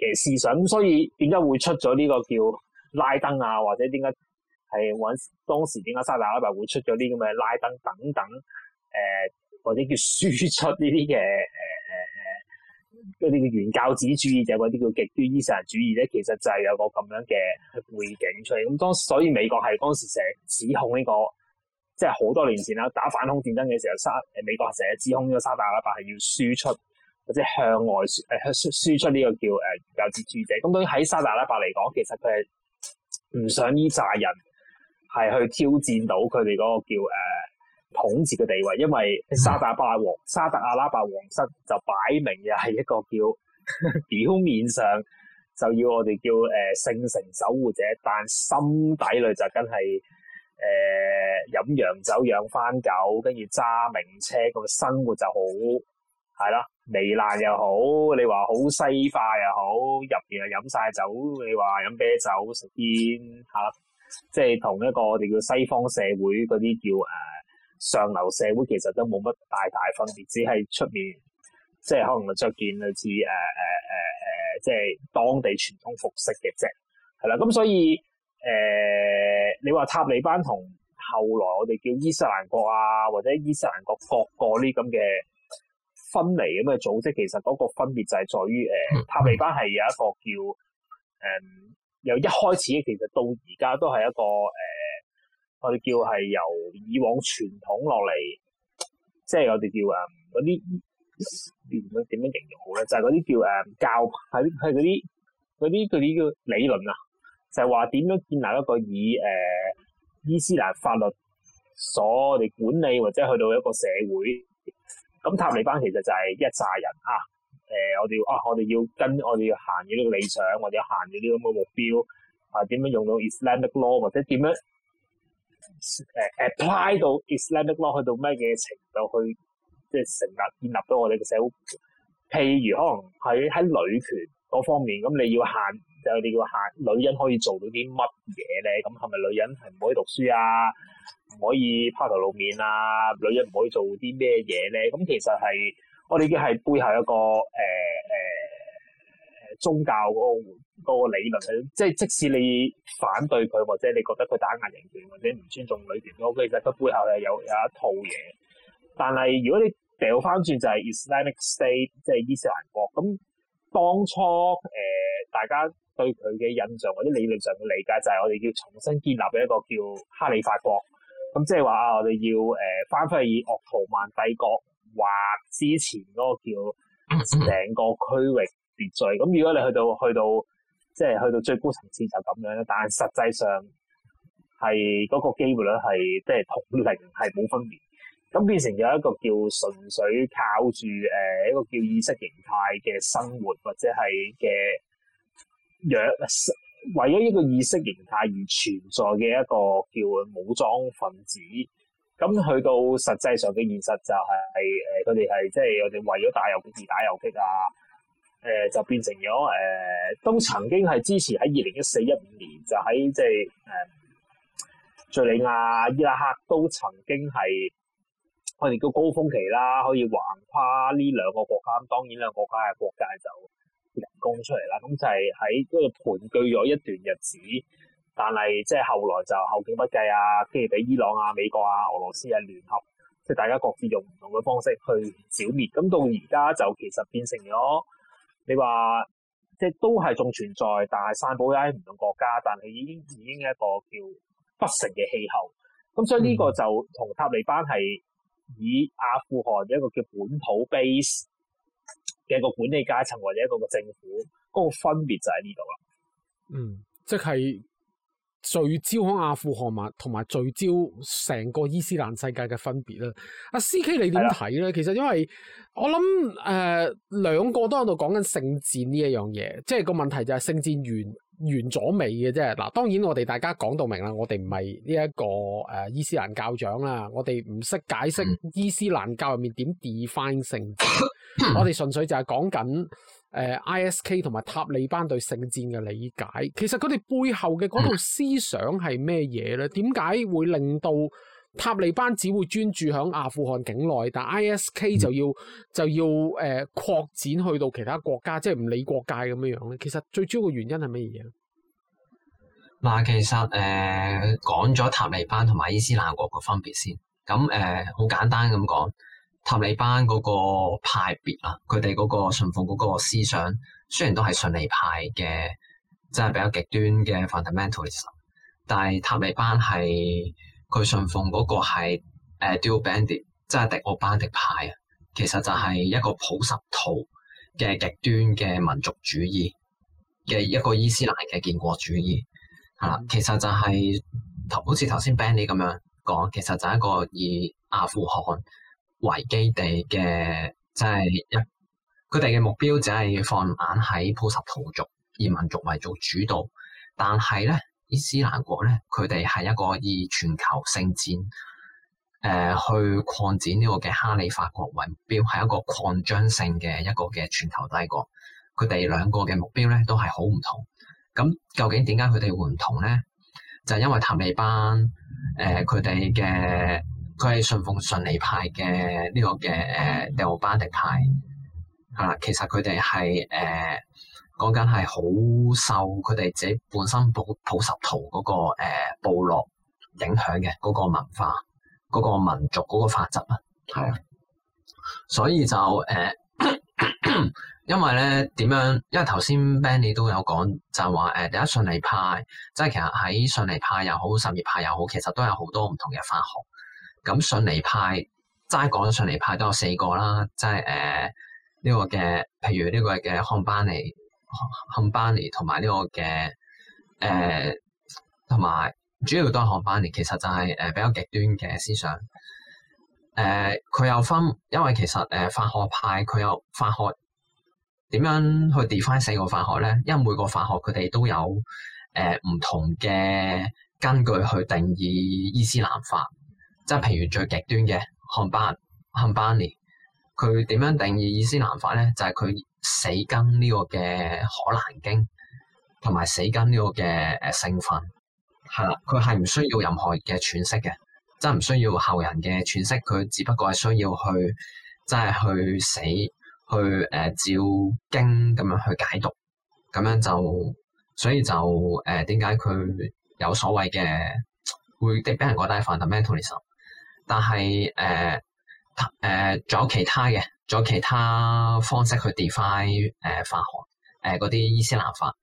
嘅思想，咁所以點解會出咗呢個叫拉登啊？或者點解係揾當時點解沙特阿拉伯會出咗啲咁嘅拉登等等誒、呃、或者叫輸出呢啲嘅誒誒誒啲叫原教旨主義，者，係嗰啲叫極端伊斯蘭主義咧。其實就係有個咁樣嘅背景出嚟。咁當所以美國係嗰陣時成日指控呢、呢個。即係好多年前啦，打反恐戰爭嘅時候，沙誒美國成日指控咗沙特阿拉伯係要輸出，或者向外輸誒、呃、出呢個叫誒有接觸者。咁對於喺沙特阿拉伯嚟講，其實佢係唔想呢扎人係去挑戰到佢哋嗰個叫誒、呃、統治嘅地位，因為沙特阿伯王、沙特阿拉伯王室就擺明又係一個叫 表面上就要我哋叫誒聖城守護者，但心底裡就梗係。誒、呃、飲洋酒養翻狗，跟住揸名車，個生活就好係咯，糜爛又好，你話好西化又好，入邊啊飲晒酒，你話飲啤酒食煙，係啦，即係同一個我哋叫西方社會嗰啲叫誒、呃、上流社會，其實都冇乜大大分別，只係出面即係可能著件類似誒誒誒誒，即係當地傳統服飾嘅啫，係啦，咁所以。誒、呃，你話塔利班同後來我哋叫伊斯蘭國啊，或者伊斯蘭國各個呢咁嘅分離咁嘅組織，其實嗰個分別就係在於誒、呃，塔利班係有一個叫誒、呃，由一開始其實到而家都係一個誒、呃，我哋叫係由以往傳統落嚟，即係我哋叫啊嗰啲點樣點樣形容好咧？就係嗰啲叫誒、嗯、教派，係啲嗰啲嗰啲叫理論啊。就係話點樣建立一個以誒、呃、伊斯蘭法律所嚟管理或者去到一個社會，咁塔利班其實就係一紮人啊！誒、呃，我哋啊，我哋要跟我哋要行呢個理想，我哋要行呢啲咁嘅目標啊，點樣用到 Islamic law 或者點樣誒、呃、apply 到 Islamic law 去到咩嘅程度去，即係成立建立到我哋嘅社會。譬如可能喺喺女權嗰方面，咁你要限就係你要限女人可以做到啲乜嘢咧？咁係咪女人係唔可以讀書啊？唔可以拋頭露面啊？女人唔可以做啲咩嘢咧？咁其實係我哋已經係背後一個誒誒宗教嗰個嗰個理論，即係即使你反對佢，或者你覺得佢打壓人權或者唔尊重女權，咁其實佢背後係有有一套嘢。但係如果你掉翻轉就係 Islamic State，即係伊斯蘭國咁。當初誒、呃，大家對佢嘅印象或者理論上嘅理解就係我哋要重新建立一個叫哈里法國，咁即係話我哋要誒翻、呃、返去以奧圖曼帝國或之前嗰個叫成個區域秩序。咁如果你去到去到即係去到、即係去到最高層次就咁樣咧，但係實際上係嗰個機會率係即係同零係冇分別。咁變成咗一個叫純粹靠住誒一個叫意識形態嘅生活，或者係嘅弱為咗一個意識形態而存在嘅一個叫武裝分子。咁去到實際上嘅現實就係誒佢哋係即係我哋為咗打遊擊而打遊擊啊！誒、呃、就變成咗誒、呃、都曾經係支持喺二零一四一五年就喺即係誒敍利亞伊拉克都曾經係。我哋叫高峰期啦，可以橫跨呢兩個國家。當然兩個國家嘅國界就人工出嚟啦。咁就係喺度盤踞咗一段日子，但係即係後來就後勁不繼啊，跟住俾伊朗啊、美國啊、俄羅斯啊聯合，即係大家各自用唔同嘅方式去剿滅，滅。咁到而家就其實變成咗你話即係都係仲存在，但係散佈喺唔同國家，但係已經已經係一個叫不成嘅氣候。咁所以呢個就同塔利班係。以阿富汗一個叫本土 base 嘅個管理階層或者一個個政府，嗰個分別就喺呢度啦。嗯，即係聚焦響阿富汗同埋聚焦成個伊斯蘭世界嘅分別啦。阿、啊、C K 你點睇咧？的其實因為我諗誒，兩、呃、個都喺度講緊聖戰呢一樣嘢，即係個問題就係聖戰完。完咗未嘅啫？嗱，當然我哋大家講到明啦，我哋唔係呢一個誒、呃、伊斯蘭教長啦，我哋唔識解釋伊斯蘭教入面點 define 聖戰， 我哋純粹就係講緊誒 IS-K 同埋塔利班對聖戰嘅理解，其實佢哋背後嘅嗰套思想係咩嘢咧？點解會令到？塔利班只會專注喺阿富汗境內，但 ISK 就要就要誒擴、呃、展去到其他國家，即係唔理國界咁樣樣咧。其實最主要嘅原因係乜嘢？嗱，其實誒、呃、講咗塔利班同埋伊斯蘭國嘅分別先，咁誒好簡單咁講，塔利班嗰個派別啊，佢哋嗰個信奉嗰個思想雖然都係順利派嘅，即、就、係、是、比較極端嘅 fundamentalist，但係塔利班係。佢信奉嗰個係誒 Dilbandi 即係迪奧班迪派啊，其實就係一個普什圖嘅極端嘅民族主義嘅一個伊斯蘭嘅建國主義，係啦，其實就係頭好似頭先 Bandy 咁樣講，其實就係一個以阿富汗為基地嘅，即係一佢哋嘅目標就係放眼喺普什圖族以民族為做主導，但係咧。伊斯蘭國咧，佢哋係一個以全球聖戰，誒、呃、去擴展呢個嘅哈里發國為目標，係一個擴張性嘅一個嘅全球帝國。佢哋兩個嘅目標咧都係好唔同。咁究竟點解佢哋會唔同咧？就係、是、因為塔利班，誒佢哋嘅佢係信奉遜尼派嘅呢、這個嘅誒，迪奧班迪派，啊，其實佢哋係誒。呃講緊係好受佢哋自己本身普普什圖嗰、那個誒、呃、部落影響嘅嗰個文化、嗰、那個民族、嗰個法則啊，係啊的，所以就誒、呃，因為咧點樣？因為頭先 Benny 都有講，就話、是、誒、呃，第一順尼派，即、就、係、是、其實喺順尼派又好，什葉派又好，其實都有好多唔同嘅法學。咁順尼派齋講順尼派都有四個啦，即係誒呢個嘅，譬如呢個嘅漢班尼。漢班尼同埋呢個嘅誒，同、呃、埋主要都係漢班尼，其實就係誒比較極端嘅思想。誒、呃，佢又分，因為其實誒、呃、法學派佢有法學點樣去 define 四個法學咧？因為每個法學佢哋都有誒唔、呃、同嘅根據去定義伊斯蘭法，即係譬如最極端嘅漢班漢班尼，佢點樣定義伊斯蘭法咧？就係、是、佢。死根呢個嘅《可蘭經》，同埋死根呢個嘅誒性分，係啦，佢係唔需要任何嘅詮釋嘅，即係唔需要後人嘅詮釋。佢只不過係需要去，即係去死，去誒、呃、照經咁樣去解讀，咁樣就，所以就誒點解佢有所謂嘅會俾人覺得係 fundamentalism，但係誒誒仲有其他嘅。仲有其他方式去 define 誒、呃、法學，誒嗰啲伊斯蘭法，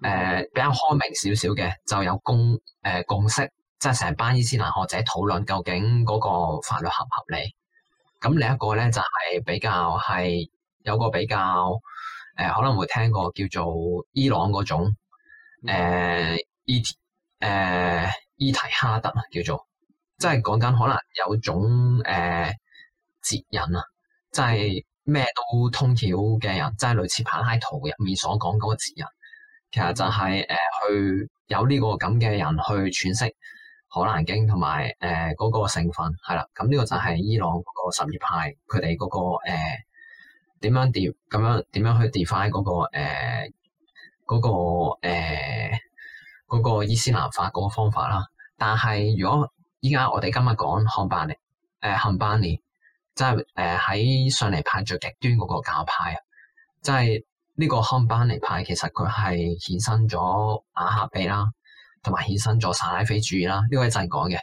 誒、呃、比較開明少少嘅，就有共誒、呃、共識，即係成班伊斯蘭學者討論究竟嗰個法律合唔合理。咁、嗯、另一個咧就係、是、比較係有個比較誒、呃，可能會聽過叫做伊朗嗰種、呃嗯、伊誒、呃、伊提哈德啊，叫做即係講緊可能有種誒折引啊。呃即係咩都通曉嘅人，即係類似柏拉圖入面所講嗰個哲人，其實就係誒去有呢、這個咁嘅人去詮釋《可蘭經》同埋誒嗰個成分係啦。咁、嗯、呢、這個就係伊朗嗰個什葉派佢哋嗰個誒點、呃、樣調咁樣點樣去 define 嗰、那個誒嗰、呃那個誒、呃那個呃那個伊斯蘭法嗰個方法啦。但係如果依家我哋今日講漢巴尼誒漢巴尼。呃即係誒喺上嚟派最極端嗰個教派啊！即係呢個康班尼派，其實佢係衍生咗瓦哈比啦，同埋衍生咗薩拉菲主義啦。呢個一陣講嘅，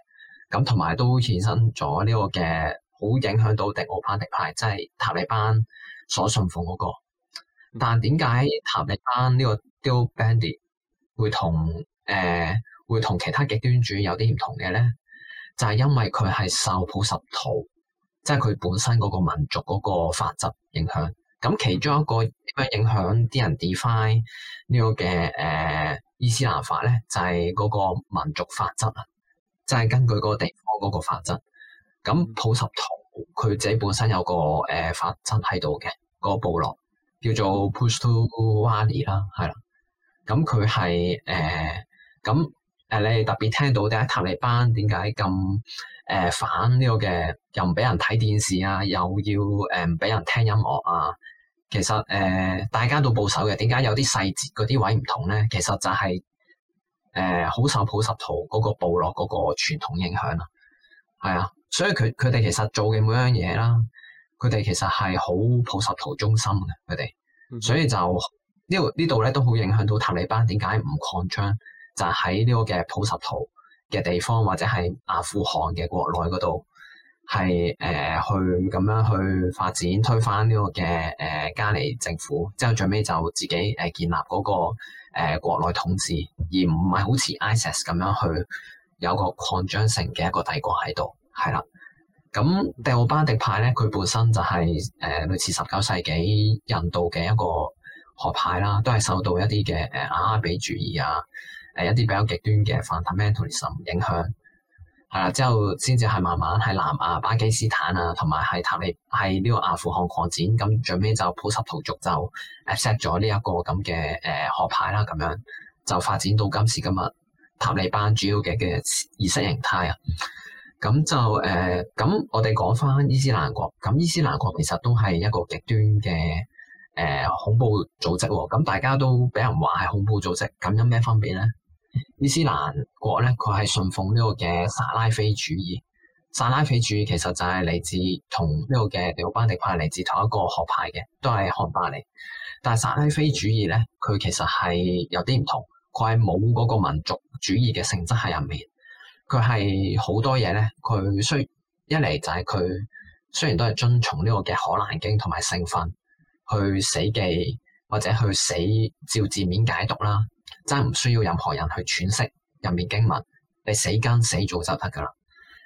咁同埋都衍生咗呢個嘅好影響到迪奧班迪派，即係塔利班所信奉嗰、嗰個。但點解塔利班呢個迪奧班迪會同誒、呃、會同其他極端主義有啲唔同嘅咧？就係、係、因為佢係受普什圖。即係佢本身嗰個民族嗰個法則影響，咁其中一個點樣影響啲人 define 呢個嘅誒、呃、伊斯蘭法咧，就係、是、嗰個民族法則啊，即、就、係、是、根據嗰個地方嗰個法則。咁普什圖佢自己本身有個誒、呃、法則喺度嘅，個部落叫做 Pashtunwali 啦，係啦，咁佢係誒咁。誒、呃，你哋特別聽到第一塔利班點解咁誒反呢個嘅，又唔俾人睇電視啊，又要誒唔俾人聽音樂啊，其實誒、呃、大家都保守嘅，點解有啲細節嗰啲位唔同咧？其實就係誒好受普什圖嗰個部落嗰個傳統影響咯、啊，係啊，所以佢佢哋其實做嘅每樣嘢啦，佢哋其實係好普什圖中心嘅佢哋，所以就呢度呢度咧都好影響到塔利班點解唔擴張。就喺呢個嘅普什圖嘅地方，或者係阿富汗嘅國內嗰度，係誒、呃、去咁樣、呃、去發展推翻呢、這個嘅誒、呃、加尼政府，之後最尾就自己誒建立嗰、那個誒、呃、國內統治，而唔係好似 ISIS 咁樣去有個擴張性嘅一個帝國喺度，係啦。咁迪奧班迪派咧，佢本身就係、是、誒、呃、類似十九世紀印度嘅一個學派啦，都係受到一啲嘅誒阿拉伯主義啊。誒一啲比較極端嘅 fundamentalism 影響係啦，之後先至係慢慢喺南亞巴基斯坦啊，同埋係塔利係呢個阿富汗擴展，咁最尾就普什圖族就 accept 咗呢一個咁嘅誒學派啦、啊，咁樣就發展到今時今日塔利班主要嘅嘅意識形態啊。咁、嗯、就誒咁，呃、我哋講翻伊斯蘭國，咁伊斯蘭國其實都係一個極端嘅誒、呃、恐怖組織喎、啊。咁大家都俾人話係恐怖組織，咁有咩分別咧？伊斯蘭國咧，佢係信奉呢個嘅薩拉菲主義。薩拉菲主義其實就係嚟自同呢個嘅迪奧班迪派，嚟自同一個學派嘅，都係漢巴里嚟。但係薩拉菲主義咧，佢其實係有啲唔同，佢係冇嗰個民族主義嘅性質喺入面。佢係好多嘢咧，佢雖一嚟就係佢雖然都係遵從呢個嘅可蘭經同埋聖訓去死記或者去死照字面解讀啦。真係唔需要任何人去喘釋入面經文，你死跟死做就得噶啦。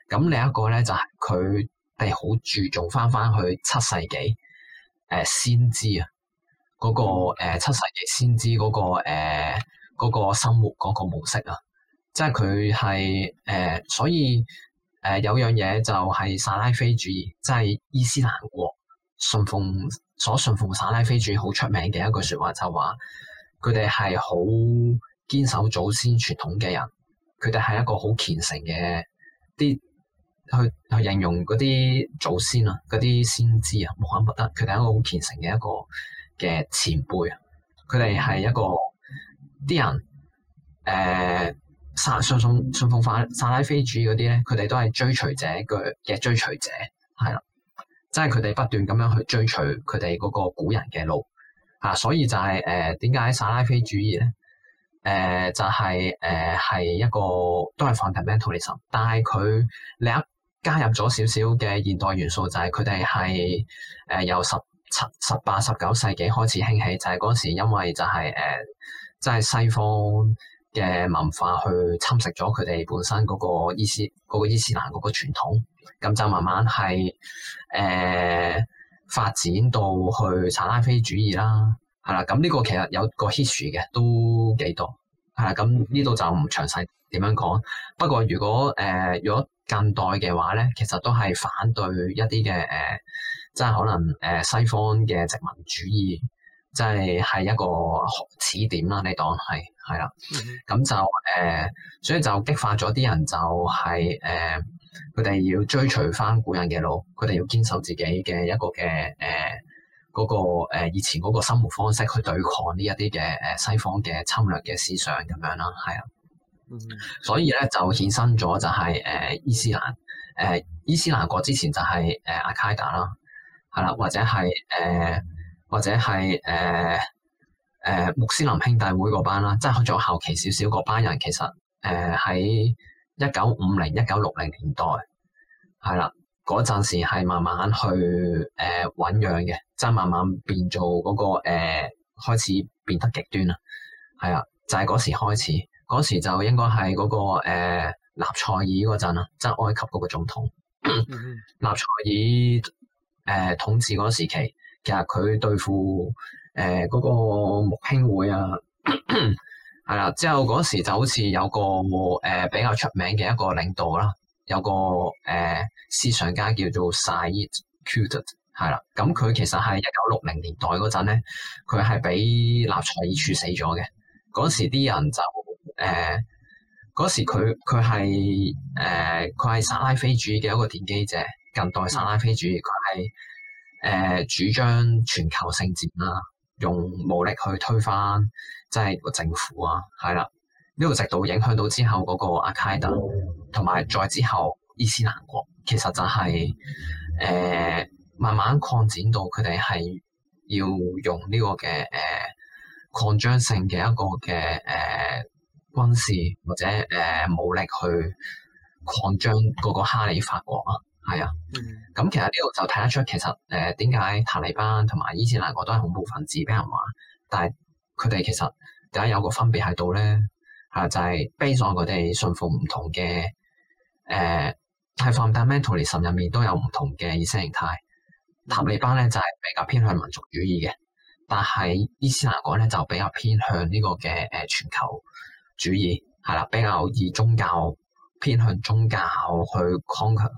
咁另一個咧就係佢哋好注重翻翻去七世紀誒、呃、先知啊，嗰、那個、呃、七世紀先知嗰、那個誒、呃那個、生活嗰個模式啊，即係佢係誒，所以誒、呃、有樣嘢就係薩拉菲主義，即係伊斯蘭國信奉所信奉薩拉菲主義好出名嘅一句説話就話。就是佢哋係好堅守祖先傳統嘅人，佢哋係一個好虔誠嘅啲去去形容嗰啲祖先啊、嗰啲先知啊，穆罕默德。佢哋係一個好虔誠嘅一個嘅前輩啊。佢哋係一個啲人誒，信、呃、信信奉法薩拉菲主義嗰啲咧，佢哋都係追隨者嘅嘅追隨者，係啦，即係佢哋不斷咁樣去追隨佢哋嗰個古人嘅路。啊，所以就係誒點解薩拉菲主義咧？誒、呃、就係誒係一個都係放 u n a m e n t a l i s m 但係佢另一加入咗少少嘅現代元素就，就係佢哋係誒由十七、十八、十九世紀開始興起，就係、是、嗰時因為就係誒即係西方嘅文化去侵蝕咗佢哋本身嗰個伊斯嗰、那個、伊斯蘭嗰個傳統，咁就慢慢係誒。呃發展到去查拉菲主義啦，係啦，咁呢個其實有個 history 嘅，都幾多，係啊，咁呢度就唔詳細點樣講。不過如果誒有、呃、近代嘅話咧，其實都係反對一啲嘅誒，即、呃、係可能誒、呃、西方嘅殖民主義。即係係一個起點啦，你當係係啦，咁就誒、呃，所以就激發咗啲人就係、是、誒，佢、呃、哋要追隨翻古人嘅路，佢哋要堅守自己嘅一個嘅誒嗰個、呃、以前嗰個生活方式去對抗呢一啲嘅誒西方嘅侵略嘅思想咁樣啦，係啦，嗯、所以咧就衍生咗就係、是、誒、呃、伊斯蘭，誒、呃、伊斯蘭國之前就係、是、誒、呃、阿卡達啦，係啦，或者係誒，呃或者係誒誒穆斯林兄弟會嗰班啦，即係喺咗後期少少嗰班人，其實誒喺一九五零一九六零年代係啦，嗰陣時係慢慢去誒醞釀嘅，即、呃、係慢慢變做嗰、那個誒、呃、開始變得極端啦。係啊，就係、是、嗰時開始，嗰時就應該係嗰個誒納賽爾嗰陣啦，即係埃及嗰個總統納賽爾誒統治嗰個時期。其實佢對付誒嗰、呃那個穆兄會啊，係啦。 之後嗰時就好似有個誒、呃、比較出名嘅一個領導啦，有個誒、呃、思想家叫做 Sayyid Qutb，係啦。咁、e、佢、嗯、其實係一九六零年代嗰陣咧，佢係俾納賽爾處死咗嘅。嗰時啲人就誒，嗰、呃、時佢佢係誒佢係沙拉菲主義嘅一個奠基者，近代沙拉菲主義佢係。誒主張全球聖戰啦，用武力去推翻即係個政府啊，係啦，呢、這個直到影響到之後嗰個阿卡德，同埋再之後伊斯蘭國，其實就係、是、誒、呃、慢慢擴展到佢哋係要用呢個嘅誒、呃、擴張性嘅一個嘅誒、呃、軍事或者誒、呃、武力去擴張嗰個哈里發國啊。係啊，咁、嗯、其實呢度就睇得出，其實誒點解塔利班同埋伊斯蘭國都係恐怖分子俾人話，但係佢哋其實點解有個分別喺度咧，吓就係基於佢哋信奉唔同嘅，誒、呃、喺 fundamentalism 入面都有唔同嘅意識形態。塔利班咧就係、是、比較偏向民族主義嘅，但係伊斯蘭國咧就比較偏向呢個嘅誒全球主義，係啦，比較以宗教偏向宗教去 conquer。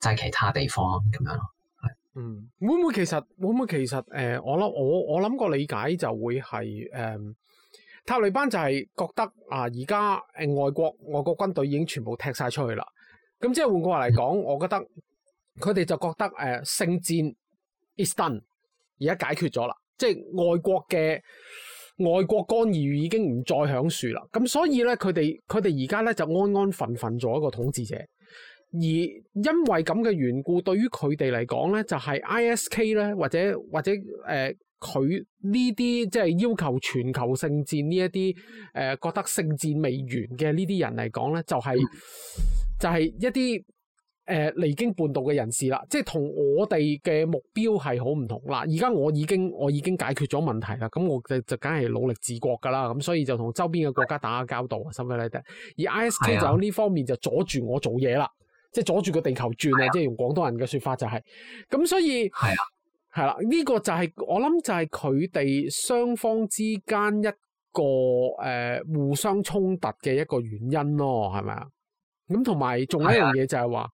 就係其他地方咁樣咯。嗯，會唔會其實會唔會其實誒、呃，我諗我我諗個理解就會係誒、呃，塔利班就係覺得啊，而家誒外國外國軍隊已經全部踢晒出去啦。咁即係換句話嚟講，嗯、我覺得佢哋就覺得誒，聖、呃、戰 is done，而家解決咗啦。即係外國嘅外國干預已經唔再享受啦。咁所以咧，佢哋佢哋而家咧就安安分分做一個統治者。而因為咁嘅緣故，對於佢哋嚟講呢就係、是、ISK 呢，或者或者誒佢呢啲即係要求全球聖戰呢一啲誒覺得聖戰未完嘅呢啲人嚟講呢就係、是、就係、是、一啲誒、呃、離經叛道嘅人士啦。即係同我哋嘅目標係好唔同啦。而家我已經我已經解決咗問題啦，咁我就就梗係努力治國噶啦。咁所以就同周邊嘅國家打下交道啊 s i m 而 ISK 就喺呢方面就阻住我做嘢啦。即係阻住個地球轉啊！的即係用廣東人嘅説法就係、是、咁，所以係啊，係啦的，呢、這個就係、是、我諗就係佢哋雙方之間一個誒、呃、互相衝突嘅一個原因咯，係咪啊？咁同埋仲有一樣嘢就係話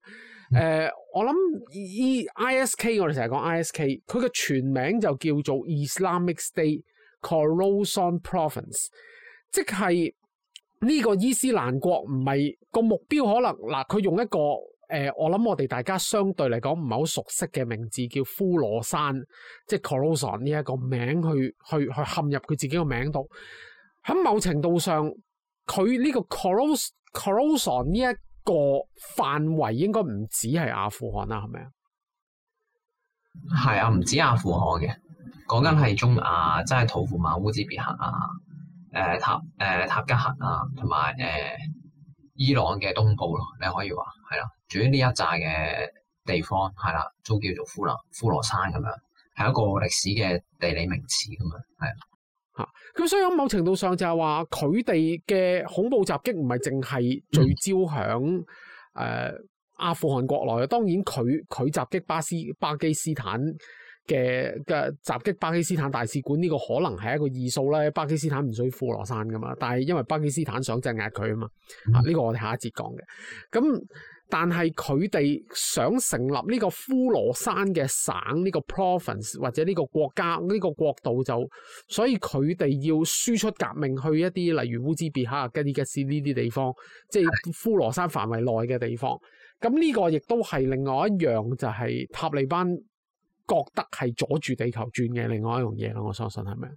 誒，我諗依 ISK 我哋成日講 ISK，佢嘅全名就叫做 Islamic State Khorasan Province，即係。呢個伊斯蘭國唔係個目標，可能嗱佢用一個誒、呃，我諗我哋大家相對嚟講唔係好熟悉嘅名字叫呼羅珊，即係 Khorasan 呢一個名去去去嵌入佢自己個名度。喺某程度上，佢呢個 Khorasan 呢一個範圍應該唔止係阿富汗啦，係咪啊？係啊，唔止阿富汗嘅，講緊係中亞、啊，真係土庫曼、烏茲別克啊。誒、呃、塔誒、呃、塔吉克啊，同埋誒伊朗嘅東部咯，你可以話係啦，主要呢一紮嘅地方係啦，都叫做呼羅呼羅山咁樣，係一個歷史嘅地理名詞噶嘛，係啊。咁所以喺某程度上就係話佢哋嘅恐怖襲擊唔係淨係聚焦喺誒、嗯呃、阿富汗國內，當然佢佢襲擊巴斯巴基斯坦，嘅嘅襲擊巴基斯坦大使館呢、這個可能係一個異數啦，巴基斯坦唔屬於呼羅珊㗎嘛，但係因為巴基斯坦想鎮壓佢啊嘛，呢、嗯啊這個我哋下一節講嘅。咁但係佢哋想成立呢個呼羅珊嘅省，呢、這個 province 或者呢個國家呢、這個國度就，所以佢哋要輸出革命去一啲例如烏茲別克、吉爾吉斯呢啲地方，即係呼羅珊範圍內嘅地方。咁呢個亦都係另外一樣就係、是、塔利班，覺得係阻住地球轉嘅另外一樣嘢咯，我相信係咪？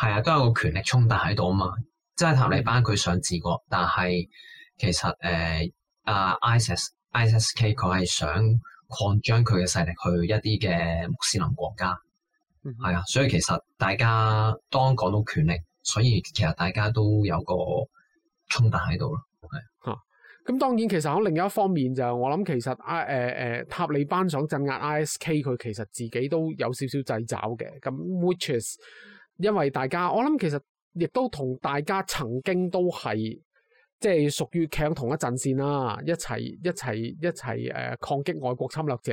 係啊，都有個權力衝突喺度啊嘛。即係塔利班佢想治國，嗯、但係其實誒，阿、呃啊、ISIS, ISIS、ISIS-K 佢係想擴張佢嘅勢力去一啲嘅穆斯林國家。係、嗯、哼啊，所以其實大家當講到權力，所以其實大家都有個衝突喺度咯。咁當然其實喺另一方面就我諗其實 I 誒誒塔利班想鎮壓 ISK 佢其實自己都有少少掣肘嘅。咁 which is 因為大家我諗其實亦都同大家曾經都係即係屬於喺同一陣線啦，一齊一齊一齊誒、呃、抗擊外國侵略者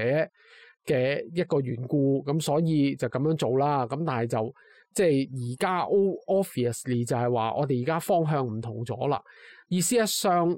嘅一個緣故，咁所以就咁樣做啦。咁但係就即係而家 obviously 就係話我哋而家方向唔同咗啦，意思上。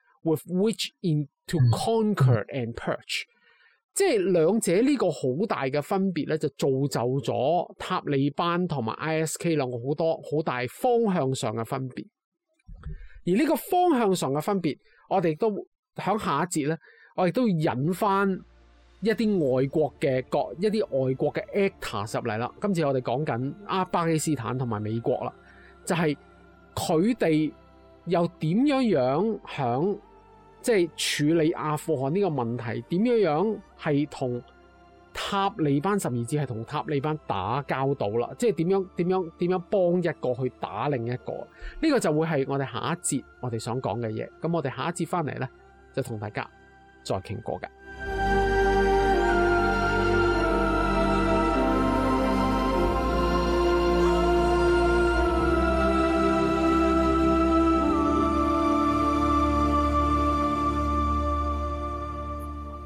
With which in to conquer and purge，即係兩者呢個好大嘅分別咧，就造就咗塔利班同埋 ISK 兩個好多好大方向上嘅分別。而呢個方向上嘅分別，我哋都響下一節咧，我亦都引翻一啲外國嘅國一啲外國嘅 actor 入嚟啦。今次我哋講緊阿巴基斯坦同埋美國啦，就係佢哋又點樣樣響。即係處理阿富汗呢個問題，點樣樣係同塔利班十二字係同塔利班打交道啦？即係點樣點樣點樣幫一個去打另一個？呢個就會係我哋下一節我哋想講嘅嘢。咁我哋下一節翻嚟，呢，就同大家再傾過嘅。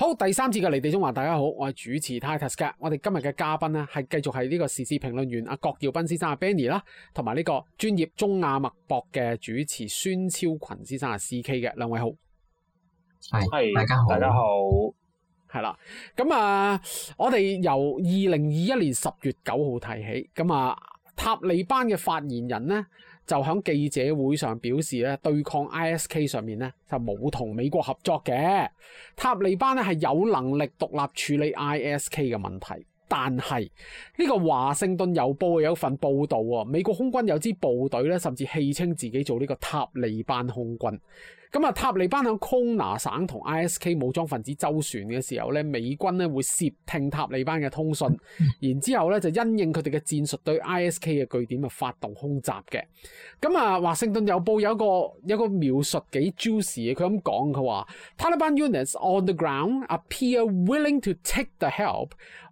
好，第三次嘅離地縱橫，大家好，我係主持 Titus 嘅。我哋今日嘅嘉賓呢，係繼續係呢個時事評論員阿郭耀斌先生阿 Benny 啦，同埋呢個專頁中亞脈搏嘅主持孫超群先生阿 C K 嘅兩位好係，大家好，大家好係啦。咁啊，我哋由二零二一年十月九號提起咁啊，塔利班嘅發言人呢，就喺記者會上表示咧，對抗 ISK 上面咧就冇同美國合作嘅，塔利班咧係有能力獨立處理 ISK 嘅問題。但係呢個華盛頓郵報有一份報導喎，美國空軍有支部隊咧，甚至戲稱自己做呢個塔利班空軍。咁啊，塔利班響康拿省同 ISK 武裝分子周旋嘅時候咧，美軍咧會竊聽塔利班嘅通訊，然之後咧就因應佢哋嘅戰術對 ISK 嘅據點啊發動空襲嘅。咁啊，華盛頓郵報有一個有一個描述幾 juicy 嘅，佢咁講佢話塔利班 units on the ground appear willing to take the help。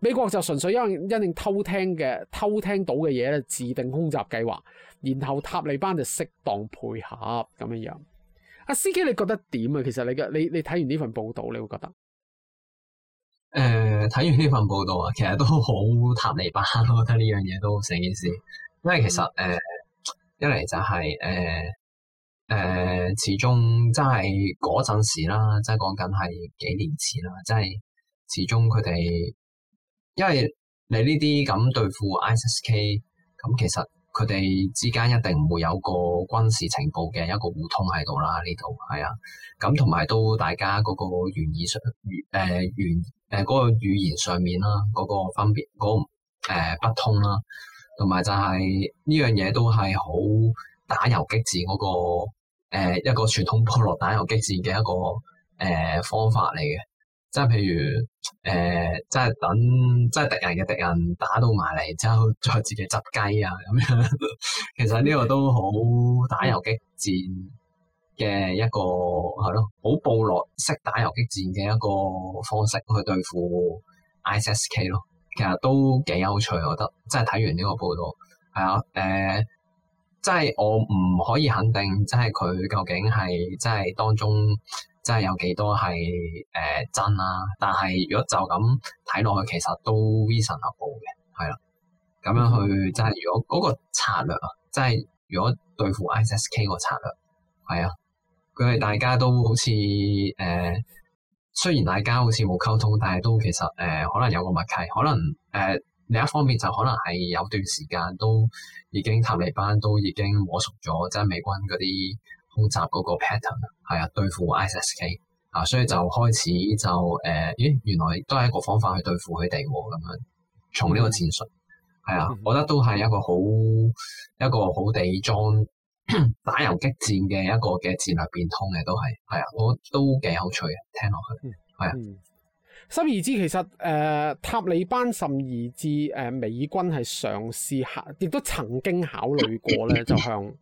美國就純粹因為一定偷聽嘅偷聽到嘅嘢咧，制定空襲計劃，然後塔利班就適當配合咁樣樣。阿司機，K，你覺得點啊？其實你嘅你你睇完呢份報道，你會覺得？誒、呃，睇完呢份報道啊，其實都好塔利班，我覺得呢樣嘢都成件事。因為其實誒、呃，一嚟就係誒誒，始終真係嗰陣時啦，即係講緊係幾年前啦，即係始終佢哋。因為你呢啲咁對付 ISIS-K，咁其實佢哋之間一定唔會有個軍事情報嘅一個互通喺度啦，呢度係啊，咁同埋都大家嗰個語言上誒語誒個語言上面啦，嗰個分別嗰誒、呃呃、不通啦，同埋就係呢樣嘢都係好打游擊戰嗰個誒、呃、一個傳統部落打游擊戰嘅一個誒、呃、方法嚟嘅。即係譬如誒，即、呃、係等即係敵人嘅敵人打到埋嚟之後，再自己執雞啊咁樣。其實呢個都好打游擊戰嘅一個係咯，好部落式打游擊戰嘅一個方式去對付 ISK 咯。其實都幾有趣，啊，我覺得。即係睇完呢個報道，係啊，誒、呃。即係我唔可以肯定，即係佢究竟係即係當中即係有幾多係誒、呃、真啦。但係如果就咁睇落去，其實都 reasonable 嘅，係啦。咁樣去即係如果嗰個策略啊，即係如果對付 ISK 個策略，係啊，佢哋大家都好似誒、呃，雖然大家好似冇溝通，但係都其實誒、呃、可能有個默契，可能誒。呃另一方面就可能係有段時間都已經塔利班都已經摸熟咗，即係美軍嗰啲空襲嗰個 pattern，係啊，對付 IS-K 啊，所以就開始就誒，咦、呃，原來都係一個方法去對付佢哋喎，咁樣從呢個戰術係、嗯、啊，我覺得都係一個好一個好地裝 打游擊戰嘅一個嘅戰略變通嘅都係，係啊，我都幾有趣嘅，聽落去係、嗯、啊。十二支其實誒、呃、塔利班十二至誒美軍係嘗試考，亦都曾經考慮過咧， 就向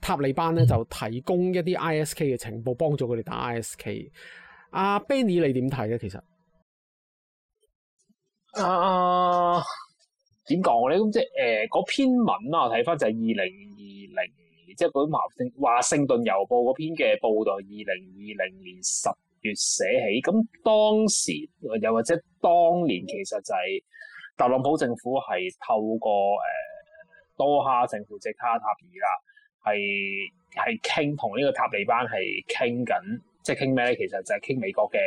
塔利班咧就提供一啲 ISK 嘅情報，幫助佢哋打 ISK。阿、啊、b e n n y 你點睇咧？其實啊，點講咧？咁即係誒嗰篇文啊，睇翻就係二零二零，即係嗰啲華盛華盛頓郵報嗰篇嘅報導，二零二零年十。越寫起咁，當時又或者當年其實就係、是、特朗普政府係透過誒、呃、多哈政府即卡塔爾，係係傾同呢個塔利班係傾緊，即係傾咩咧？其實就係傾美國嘅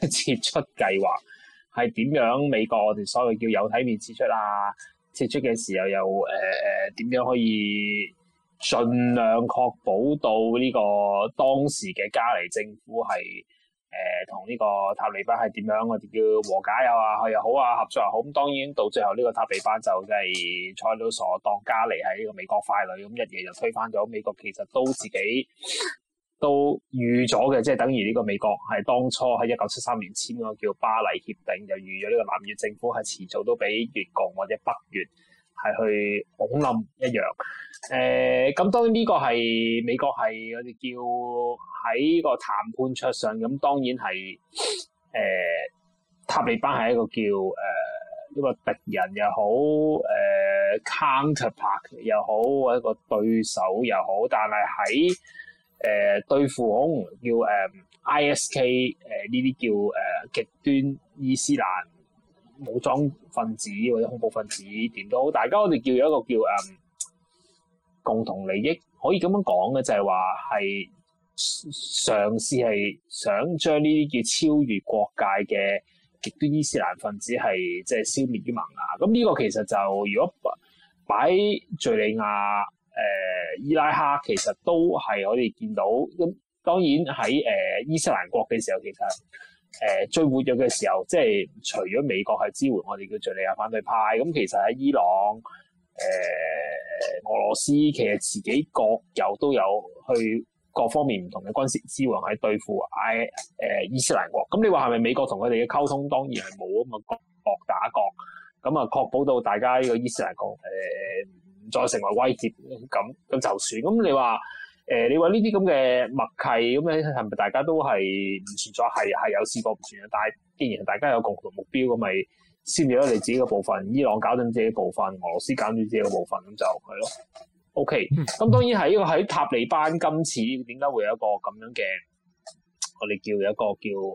撤出計劃，係點樣美國我哋所謂叫有體面撤出啊？撤出嘅時候，又誒誒點樣可以盡量確保到呢個當時嘅加尼政府係？誒同呢個塔利班係點樣？我哋叫和解又啊，佢又好啊，合作又、啊、好。咁、啊、當然到最後呢個塔利班就真係坐到所當家嚟喺呢個美國傀儡。咁一嘢就推翻咗美國，其實都自己都預咗嘅，即、就、係、是、等於呢個美國係當初喺一九七三年簽個叫巴黎協定，就預咗呢個南越政府係遲早都俾越共或者北越。係去恐冧一樣，誒咁、呃、當然呢個係美國係我哋叫喺個談判桌上，咁當然係誒、呃、塔利班係一個叫誒、呃、一個敵人又好，誒、呃、counterpart 又好，一個對手又好，但係喺誒對付恐叫誒、呃、ISK 誒、呃、呢啲叫誒極、呃、端伊斯蘭。武裝分子或者恐怖分子點都好，大家我哋叫有一個叫誒、嗯、共同利益，可以咁樣講嘅就係話係嘗試係想將呢啲叫超越國界嘅極端伊斯蘭分子係即係消滅於萌芽。咁呢個其實就如果擺喺敍利亞、誒、呃、伊拉克，其實都係可以見到。咁當然喺誒、呃、伊斯蘭國嘅時候，其實。誒最活躍嘅時候，即係除咗美國係支援我哋叫敍利亞反對派，咁其實喺伊朗、誒、呃、俄羅斯，其實自己各有都有去各方面唔同嘅軍事支援，係對付埃誒、呃、伊斯蘭國。咁你話係咪美國同佢哋嘅溝通當然係冇咁嘅，國打國，咁啊確保到大家呢個伊斯蘭國唔、呃、再成為威脅，咁咁就算。咁你話？誒、呃，你話呢啲咁嘅默契咁樣，係咪大家都係唔存在？係係有試過唔存在，但係既然大家有共同目標，咁咪先住咗你自己嘅部分，伊朗搞掂自己部分，俄羅斯搞掂自己嘅部分，咁就係咯。OK，咁當然係呢個喺塔利班今次點解會有一個咁樣嘅，我哋叫有一個叫誒、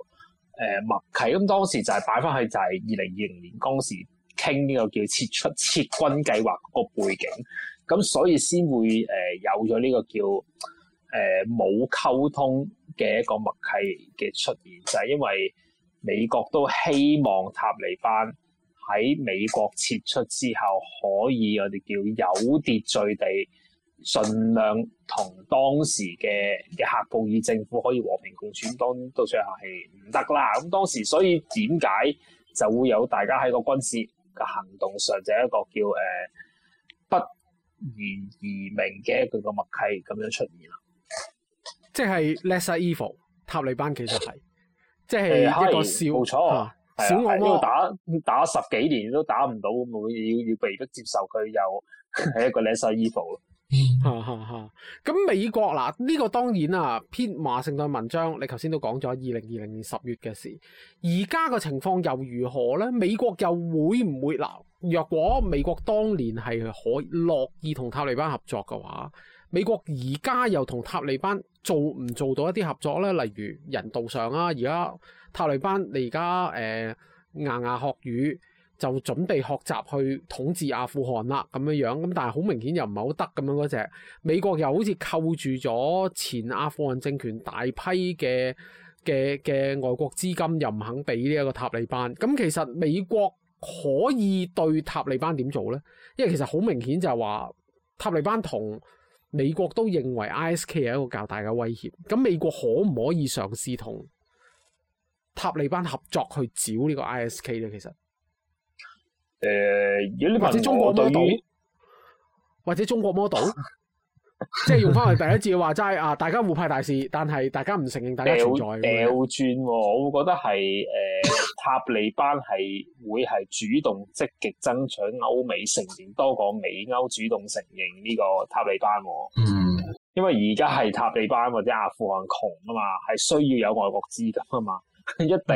呃、默契。咁當時就係擺翻去就係二零二零年當時傾呢個叫撤出撤軍計劃嗰個背景。咁所以先會誒有咗呢個叫誒冇、呃、溝通嘅一個默契嘅出現，就係、是、因為美國都希望塔利班喺美國撤出之後，可以我哋叫有秩序地，盡量同當時嘅嘅喀布爾政府可以和平共存。當到最後係唔得啦。咁當時所以點解就會有大家喺個軍事嘅行動上就係一個叫誒。呃而而明嘅一句個默契咁樣出現啦，即係 lesser evil, 塔利班其實係，即係一個小笑錯，冇錯，係啊，呢的、這個、打打十幾年都打唔到，咁要要被迫接受佢又係一個 lesser evil 哈哈哈！咁、啊啊啊、美國嗱呢、啊這個當然啊，篇華盛頓文章，你頭先都講咗二零二零年十月嘅事，而家個情況又如何咧？美國又會唔會鬧？若果美國當年係可以樂意同塔利班合作嘅話，美國而家又同塔利班做唔做到一啲合作呢？例如人道上啊，而家塔利班你而家誒牙牙學語，就準備學習去統治阿富汗啦咁樣樣。咁但係好明顯又唔係好得咁樣嗰隻。美國又好似扣住咗前阿富汗政權大批嘅嘅嘅外國資金，又唔肯俾呢一個塔利班。咁其實美國。可以對塔利班點做呢？因為其實好明顯就係話塔利班同美國都認為 ISK 係一個較大嘅威脅。咁美國可唔可以嘗試同塔利班合作去剿呢個 ISK 呢？其實，誒、呃、或者中國 model，對於 或者中國 model， 即係用翻我第一字話齋啊！大家互派大事，但係大家唔承認大家存在。掉轉，我會覺得係誒。呃 塔利班係會係主動積極爭取歐美承認多過美歐主動承認呢個塔利班，嗯，因為而家係塔利班或者阿富汗窮啊嘛，係需要有外國資金啊嘛， 一定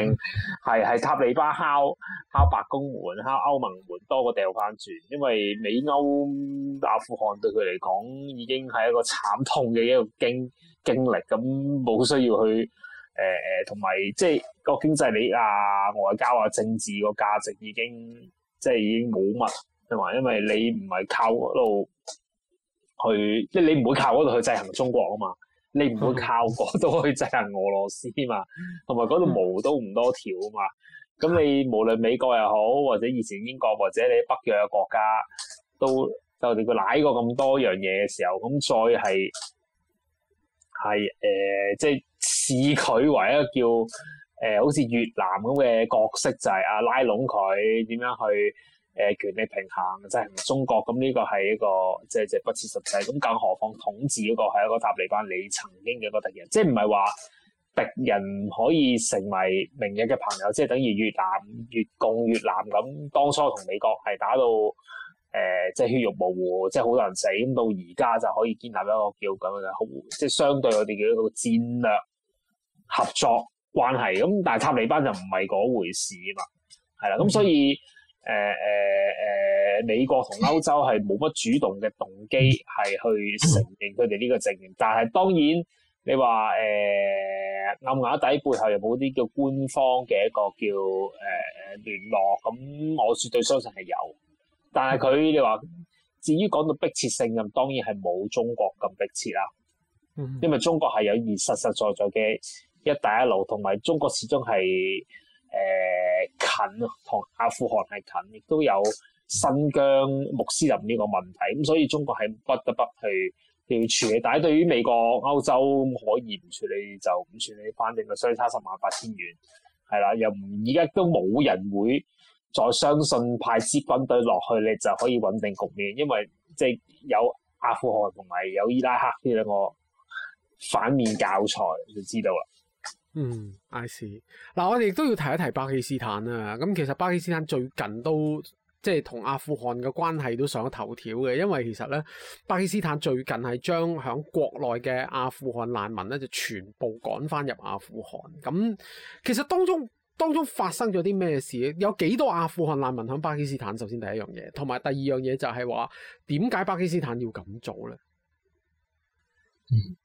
係係塔利班敲敲白宮門、敲歐盟門多過掉翻轉，因為美歐阿富汗對佢嚟講已經係一個慘痛嘅一個經經歷，咁冇需要去。誒誒，同埋、呃、即係個經濟利益啊、外交啊、政治個價值已經即係已經冇乜，同埋因為你唔係靠嗰度去，即係你唔會靠嗰度去制衡中國啊嘛，你唔會靠嗰度去制衡俄羅斯嘛，同埋嗰度毛都唔多條啊嘛，咁你無論美國又好，或者以前英國或者你北約嘅國家，都就連佢舐過咁多樣嘢嘅時候，咁再係係誒即係。視佢為一個叫誒、呃，好似越南咁嘅角色，就係、是、啊拉攏佢點樣去誒、呃、權力平衡，即、就、係、是、中國咁，呢個係一個即係即係不切實際。咁更何況統治嗰個係一個塔利班，你曾經嘅個敵人，即係唔係話敵人可以成為明日嘅朋友，即係等於越南越共越南咁，當初同美國係打到誒、呃、即係血肉模糊，即係好多人死咁，到而家就可以建立一個叫咁樣嘅好，即係相對我哋叫一個戰略。合作關係咁，但係塔利班就唔係嗰回事嘛，係啦，咁所以誒誒誒，美國同歐洲係冇乜主動嘅動機係去承認佢哋呢個政權，但係當然你話誒、呃、暗啞底背後有冇啲叫官方嘅一個叫誒、呃、聯絡咁，我絕對相信係有，但係佢、mm hmm. 你話至於講到迫切性咁，當然係冇中國咁迫切啦，mm hmm. 因為中國係有而實實在在嘅。一帶一路，同埋中國始終係誒、呃、近，同阿富汗係近，亦都有新疆穆斯林呢個問題，咁所以中國係不得不去要處理。但係對於美國、歐洲可以唔處理就唔處理，反正個相差十萬八千元係啦，又而家都冇人會再相信派支軍隊落去你就可以穩定局面，因為即係有阿富汗同埋有伊拉克呢兩個反面教材就知道啦。嗯，I see。嗱，我哋都要提一提巴基斯坦啊。咁、嗯、其實巴基斯坦最近都即係同阿富汗嘅關係都上咗頭條嘅，因為其實咧，巴基斯坦最近係將響國內嘅阿富汗難民咧就全部趕翻入阿富汗。咁、嗯、其實當中當中發生咗啲咩事？有幾多阿富汗難民響巴基斯坦？首先第一樣嘢，同埋第二樣嘢就係話，點解巴基斯坦要咁做咧？嗯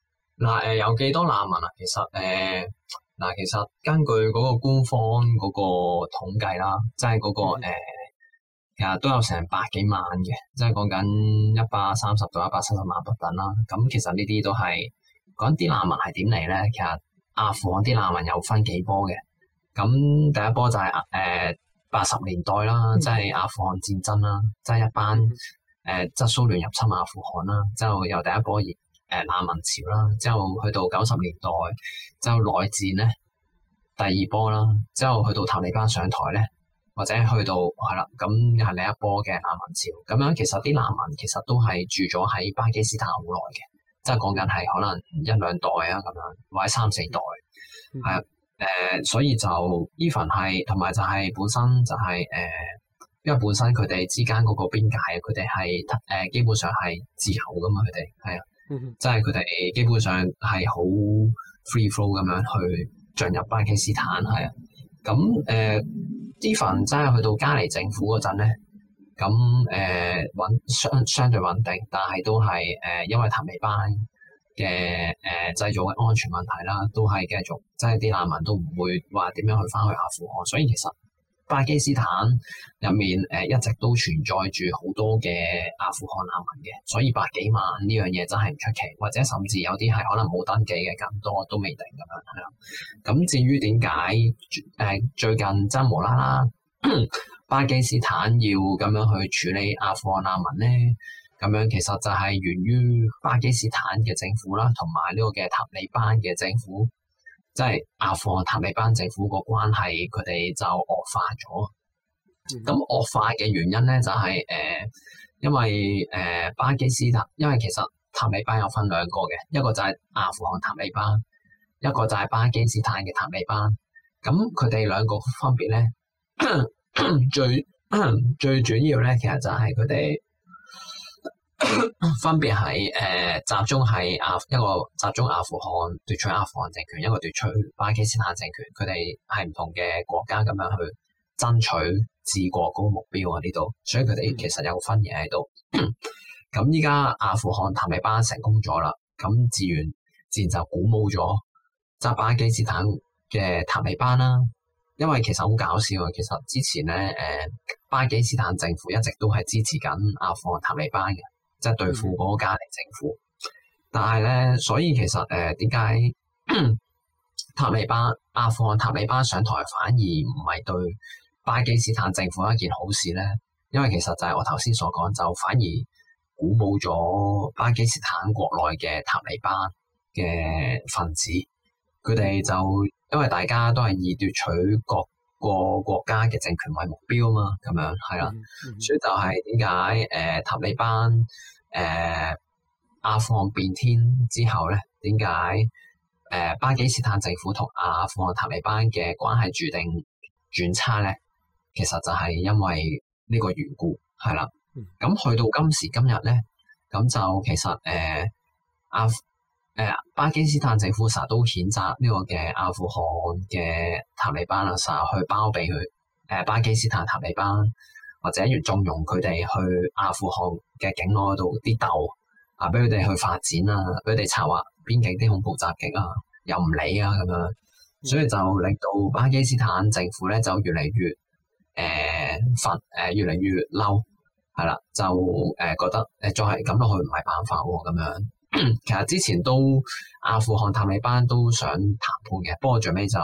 嗱誒，有幾多難民啊？其實誒，嗱、呃呃，其實根據嗰個官方嗰個統計啦，即係嗰個、嗯呃、其實都有成百幾萬嘅，即係講緊一百三十到一百七十萬不等啦。咁、嗯、其實呢啲都係講啲難民係點嚟咧？其實阿富汗啲難民有分幾波嘅。咁第一波就係、是、誒、呃、八十年代啦，嗯、即係阿富汗戰爭啦，即係一班誒、呃、即蘇聯入侵阿富汗啦，之後又第一波而。誒難民潮啦，之後去到九十年代，之後內戰咧第二波啦，之後去到塔利班上台咧，或者去到係啦，咁係另一波嘅難民潮。咁樣其實啲難民其實都係住咗喺巴基斯坦好耐嘅，即係講緊係可能一兩代啊咁樣，或者三四代，係啊誒，所以就 even 係同埋就係本身就係、是、誒、呃，因為本身佢哋之間嗰個邊界，佢哋係誒基本上係自由噶嘛，佢哋係啊。即係佢哋基本上係好 free flow 咁樣去進入巴基斯坦，係啊，咁誒啲人真係去到加尼政府嗰陣咧，咁誒穩相相對穩定，但係都係誒因為塔利班嘅誒、呃、製造嘅安全問題啦，都係繼續即係啲難民都唔會話點樣去翻去阿富汗，所以其實。巴基斯坦入面誒一直都存在住好多嘅阿富汗難民嘅，所以百幾萬呢樣嘢真係唔出奇，或者甚至有啲係可能冇登記嘅咁多都未定，咁樣係啦。咁至於點解誒最近真無啦啦巴基斯坦要咁樣去處理阿富汗難民咧？咁樣其實就係源於巴基斯坦嘅政府啦，同埋呢個嘅塔利班嘅政府。即係阿富汗塔利班政府個關係，佢哋就惡化咗。咁惡、嗯、化嘅原因咧，就係、是、誒、呃，因為誒、呃、巴基斯坦，因為其實塔利班有分兩個嘅，一個就係阿富汗塔利班，一個就係巴基斯坦嘅塔利班。咁佢哋兩個分別咧，最最主要咧，其實就係佢哋。咳咳分別係，誒，集中喺阿，一個集中阿富汗，奪取阿富汗政權，一個奪取巴基斯坦政權。佢哋係唔同嘅國家咁樣去爭取治國嗰個目標啊。呢度所以佢哋其實有個分野喺度。咁依家阿富汗塔利班成功咗啦，咁自然自然就鼓舞咗紮、就係、巴基斯坦嘅塔利班啦。因為其實好搞笑啊，其實之前咧誒、呃，巴基斯坦政府一直都係支持緊阿富汗塔利班嘅。即係對付嗰個家庭政府，但係咧，所以其實誒點解塔利班阿富汗塔利班上台反而唔係對巴基斯坦政府一件好事咧？因為其實就係我頭先所講，就反而鼓舞咗巴基斯坦國內嘅塔利班嘅分子，佢哋就因為大家都係以奪取國。個國家嘅政權為目標嘛，咁樣係啦，嗯嗯、所以就係點解誒塔利班誒、呃、阿富汗變天之後咧，點解誒巴基斯坦政府同阿富汗塔利班嘅關係注定轉差咧？其實就係因為呢個緣故係啦，咁去、嗯、到今時今日咧，咁就其實誒、呃、阿。誒巴基斯坦政府成日都譴責呢個嘅阿富汗嘅塔利班啊，成日去包庇佢，誒巴基斯坦塔利班或者越縱容佢哋去阿富汗嘅境內度啲鬥啊，俾佢哋去發展啊，俾佢哋策劃邊境啲恐怖襲擊啊，又唔理啊咁樣，所以就令到巴基斯坦政府咧就越嚟越誒發誒越嚟越嬲，係啦，就誒覺得誒再係咁落去唔係辦法喎咁樣。其實之前都阿富汗塔利班都想談判嘅，不過最尾就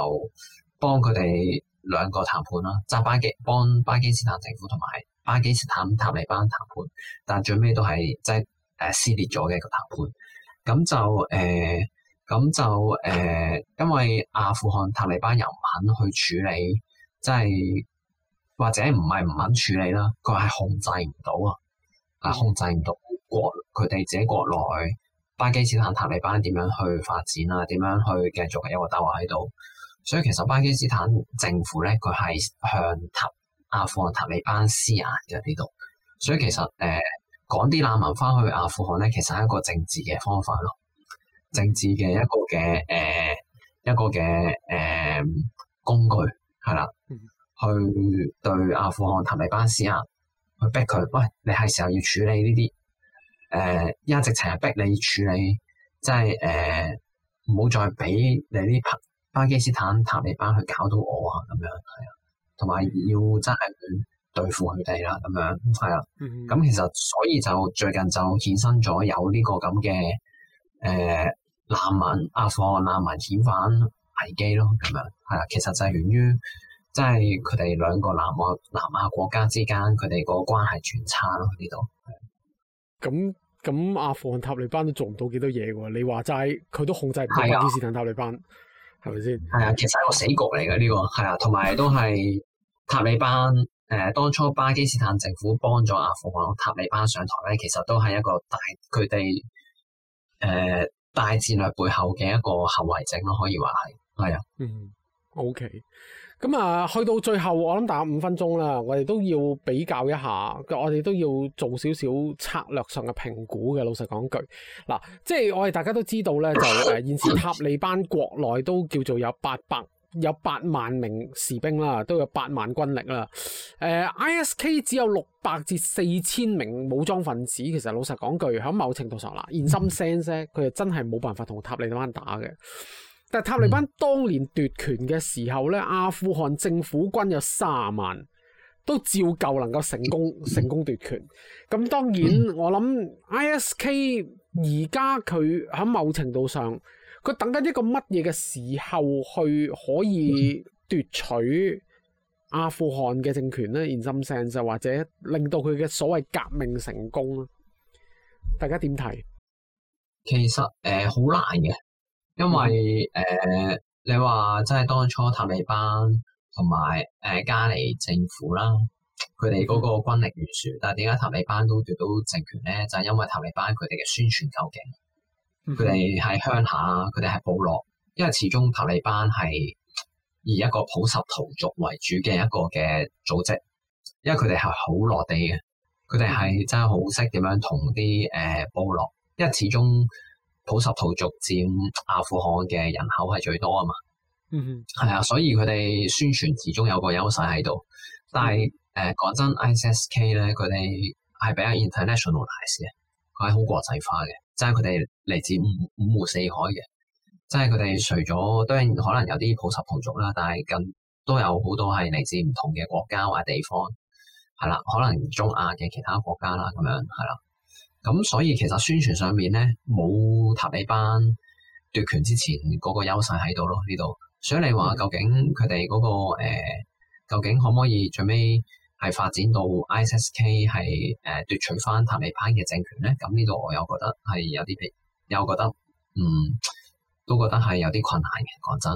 幫佢哋兩個談判啦，扎巴基幫巴基斯坦政府同埋巴基斯坦塔利班談判，但最尾都係即係誒撕裂咗嘅一個談判。咁就誒咁、呃、就誒、呃，因為阿富汗塔利班又唔肯去處理，即、就、係、是、或者唔係唔肯處理啦，佢係控制唔到啊，係、嗯、控制唔到國佢哋自己國內。巴基斯坦塔利班點樣去發展啊？點樣去繼續一個鬥話喺度？所以其實巴基斯坦政府咧，佢係向塔阿富汗塔利班施壓嘅呢度。所以其實誒、呃，講啲難民翻去阿富汗咧，其實係一個政治嘅方法咯，政治嘅一個嘅誒、呃，一個嘅誒、呃、工具係啦，嗯、去對阿富汗塔利班施壓，去逼佢喂，你係時候要處理呢啲。誒、呃，一直成日逼你處理，即係誒，唔、呃、好再俾你啲巴，巴基斯坦塔利班去搞到我啊，咁樣係啊，同埋要真係對付佢哋啦，咁樣係啦，咁、嗯、其實所以就最近就衍生咗有呢個咁嘅誒難民阿富汗難民遣返，危機咯，咁樣係啦，其實就係源於即係佢哋兩個南亞南亞國家之間佢哋個關係轉差咯呢度。咁咁，阿富汗塔利班都做唔到幾多嘢嘅喎。你話齋，佢都控制唔到巴基斯坦塔利班，係咪先？係啊，其實係一個死局嚟嘅呢個。係啊，同埋都係塔利班。誒、呃，當初巴基斯坦政府幫咗阿富汗塔利班上台咧，其實都係一個大佢哋誒大戰略背後嘅一個後遺症咯。可以話係係啊。嗯。OK，咁啊，去到最後，我諗大約五分鐘啦，我哋都要比較一下，我哋都要做少少策略上嘅評估嘅。老實講句，嗱、嗯，即係我哋大家都知道呢，就誒、呃、現時塔利班國內都叫做有八百有八萬名士兵啦，都有八萬軍力啦。誒、呃、ISK 只有六百至四千名武裝分子，其實老實講句，喺某程度上啦，in some sense 佢就真係冇辦法同塔利班打嘅。但塔利班當年奪權嘅時候咧，嗯、阿富汗政府軍有三十萬，都照舊能夠成功、嗯、成功奪權。咁當然、嗯、我諗，IS-K 而家佢喺某程度上，佢等緊一個乜嘢嘅時候去可以奪取阿富汗嘅政權呢？言心聲就或者令到佢嘅所謂革命成功咯？大家點睇？其實誒，好、呃、難嘅。因為誒、嗯呃，你話即係當初塔利班同埋誒加尼政府啦，佢哋嗰個軍力懸殊，但係點解塔利班都奪到政權咧？就係、是、因為塔利班佢哋嘅宣傳究竟，佢哋喺鄉下，佢哋係部落，因為始終塔利班係以一個普什圖族為主嘅一個嘅組織，因為佢哋係好落地嘅，佢哋係真係好識點樣同啲誒、呃、部落，因為始終。普什圖族佔阿富汗嘅人口係最多啊嘛，嗯嗯、mm，係、hmm. 啊，所以佢哋宣傳始終有個優勢喺度。但係誒講真，IS-K 咧，佢哋係比較 internationalise 嘅，佢係好國際化嘅，即係佢哋嚟自五五湖四海嘅，即係佢哋除咗當然可能有啲普什圖族啦，但係更都有好多係嚟自唔同嘅國家或者地方，係啦，可能中亞嘅其他國家啦咁樣，係啦。咁所以其實宣傳上面呢，冇塔利班奪權之前嗰個優勢喺度咯，呢度。所以你話究竟佢哋嗰個、呃、究竟可唔可以最尾係發展到 IS-K 係誒奪取返塔利班嘅政權呢？咁呢度我又覺得係有啲，又覺得嗯都覺得係有啲困難嘅。講真，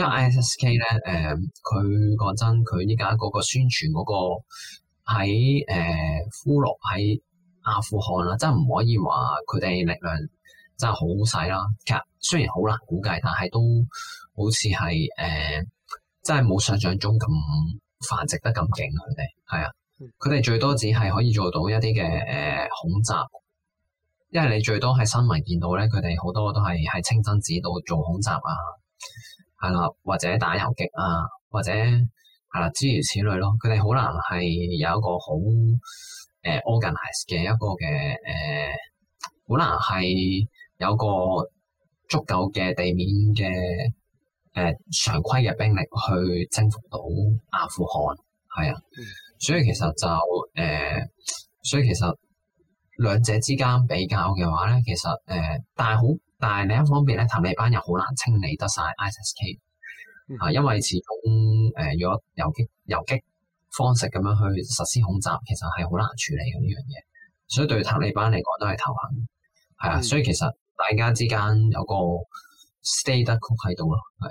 因為 IS-K 咧誒，佢、呃、講真佢依家嗰個宣傳嗰、那個喺誒、呃、呼羅喺。阿富汗啦，真係唔可以話佢哋力量真係好細啦。其實雖然好難估計，但係都好似係誒，真係冇想像中咁繁殖得咁勁。佢哋係啊，佢哋最多只係可以做到一啲嘅誒恐襲，因為你最多喺新聞見到咧，佢哋好多都係喺清真寺度做恐襲啊，係啦，或者打遊擊啊，或者係啦，諸如此類咯。佢哋好難係有一個好，誒 organize 嘅一個嘅誒，好難係有個足夠嘅地面嘅誒、呃、常規嘅兵力去征服到阿富汗，係啊、嗯呃，所以其實就誒，所以其實兩者之間比較嘅話咧，其實誒、呃，但係好，但係另一方面咧，塔利班又好難清理得晒 ISK 啊、嗯，因為始終誒、呃，如果遊擊遊擊。方式咁樣去實施恐襲，其實係好難處理嘅呢樣嘢，所以對塔利班嚟講都係頭痕，係啊，嗯、所以其實大家之間有個 stay the curve 喺度咯，係。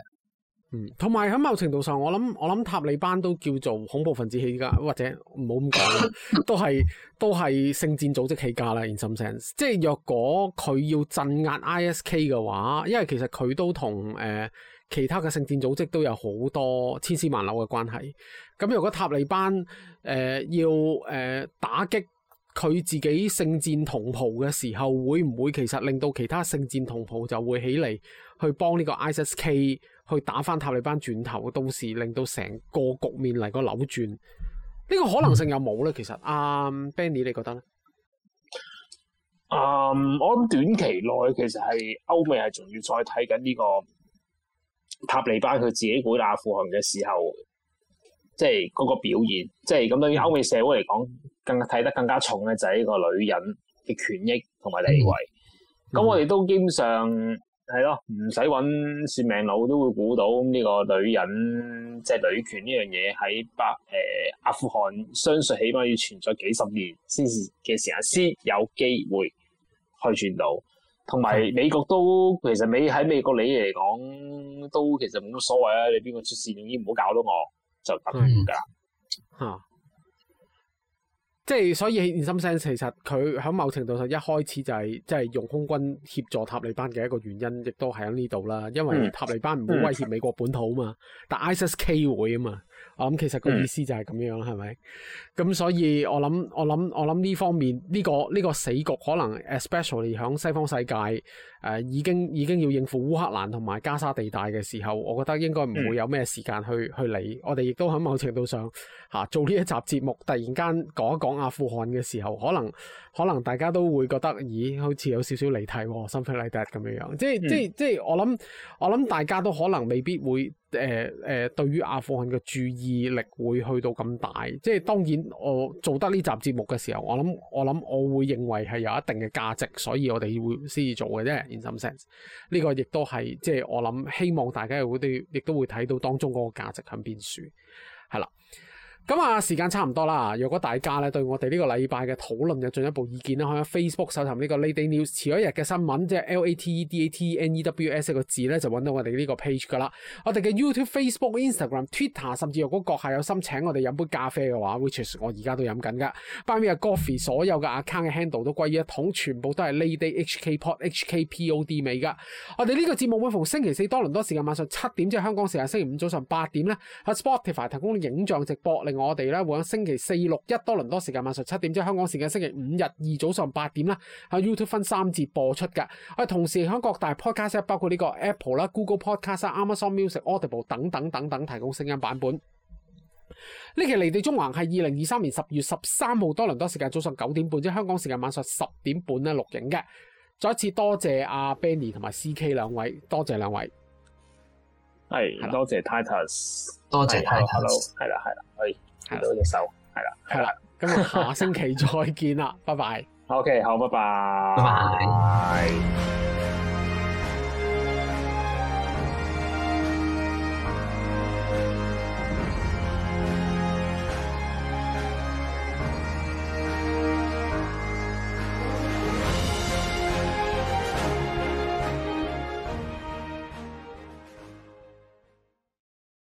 嗯，同埋喺某程度上，我諗我諗塔利班都叫做恐怖分子起家，或者唔好咁講，都係都係聖戰組織起家啦。In some sense，即係若果佢要鎮壓 ISK 嘅話，因為其實佢都同誒、呃其他嘅聖戰組織都有好多千絲萬縷嘅關係。咁如果塔利班誒、呃、要誒、呃、打擊佢自己聖戰同袍嘅時候，會唔會其實令到其他聖戰同袍就會起嚟去幫呢個 IS-K 去打返塔利班轉頭，到時令到成個局面嚟個扭轉呢，這個可能性有冇咧？嗯、其實阿、啊、Benny，你覺得咧？嗯，um, 我諗短期內其實係歐美係仲要再睇緊呢個。塔利班佢自己估阿富汗嘅時候，即係嗰個表現，即係咁對於歐美社會嚟講，更加睇得更加重嘅就係呢個女人嘅權益同埋地位。咁、嗯、我哋都基本上係咯，唔使揾算命佬都會估到呢個女人即係女權呢樣嘢喺北誒、呃、阿富汗，相信起碼要存在幾十年先至嘅時候，先有機會去轉到。同埋美國都其實美喺美國你嚟講都其實冇乜所謂啊！你邊個出事，你唔好搞到我就得噶啦嚇。即係所以，in some sense 其實佢喺某程度上一開始就係即係用空軍協助塔利班嘅一個原因，亦都喺呢度啦。因為塔利班唔好威脅美國本土啊嘛，嗯嗯、但 ISIS-K 會啊嘛。我諗，其實個意思就係咁樣，係咪、mm.？咁所以我，我諗，我諗，我諗呢方面呢、這個呢、這個死局，可能 especially 喺西方世界，誒、呃、已經已經要應付烏克蘭同埋加沙地帶嘅時候，我覺得應該唔會有咩時間去、mm. 去，去理。我哋亦都喺某程度上嚇、啊、做呢一集節目，突然間講一講阿富汗嘅時候，可能可能大家都會覺得，咦，好似有少少離題，something like that 咁樣樣。Mm. 即係即係即係，我諗我諗大家都可能未必會。誒誒、呃呃，對於阿富汗嘅注意力會去到咁大，即係當然我做得呢集節目嘅時候，我諗我諗我會認為係有一定嘅價值，所以我哋會先至做嘅啫。In some sense，呢個亦都係即係我諗，希望大家會啲，亦都會睇到當中嗰個價值喺邊處，係啦。咁啊，時間差唔多啦。如果大家咧對我哋呢個禮拜嘅討論有進一步意見咧，可以喺 Facebook 搜尋呢個 Lady News，前一日嘅新聞即係 L A T E D A T N E W S 個字咧，就揾到我哋呢個 page 㗎啦。我哋嘅 YouTube、Facebook、Instagram、Twitter，甚至如果閣下有心請我哋飲杯咖啡嘅話，which is 我而家都飲緊㗎。Buy me a coffee，所有嘅 account 嘅 handle 都歸於一統，全部都係 Lady HK Pod HK Pod 尾㗎。我哋呢個節目每逢星期四多倫多時間晚上七點，即係香港時間星期五早上八點咧，喺 Spotify 提供影像直播令。我哋咧會喺星期四、六一多倫多時間晚上七點，即係香港時間星期五日二早上八點啦。喺 YouTube 分三節播出㗎。啊，同時喺各大 podcast，包括呢個 Apple 啦、Google Podcast 啊、Amazon Music、Audible 等等等等，提供聲音版本。呢期離地中環，係二零二三年十月十三號多倫多時間早上九點半，即係香港時間晚上十點半咧錄影嘅。再一次多謝阿 Benny 同埋 CK 兩位，多謝兩位。係，多謝 Titus，多謝 Titus，Hello，係啦係啦，哎，睇到隻手，係啦係啦，今日下星期再見啦，拜拜，OK，好，拜拜，拜拜。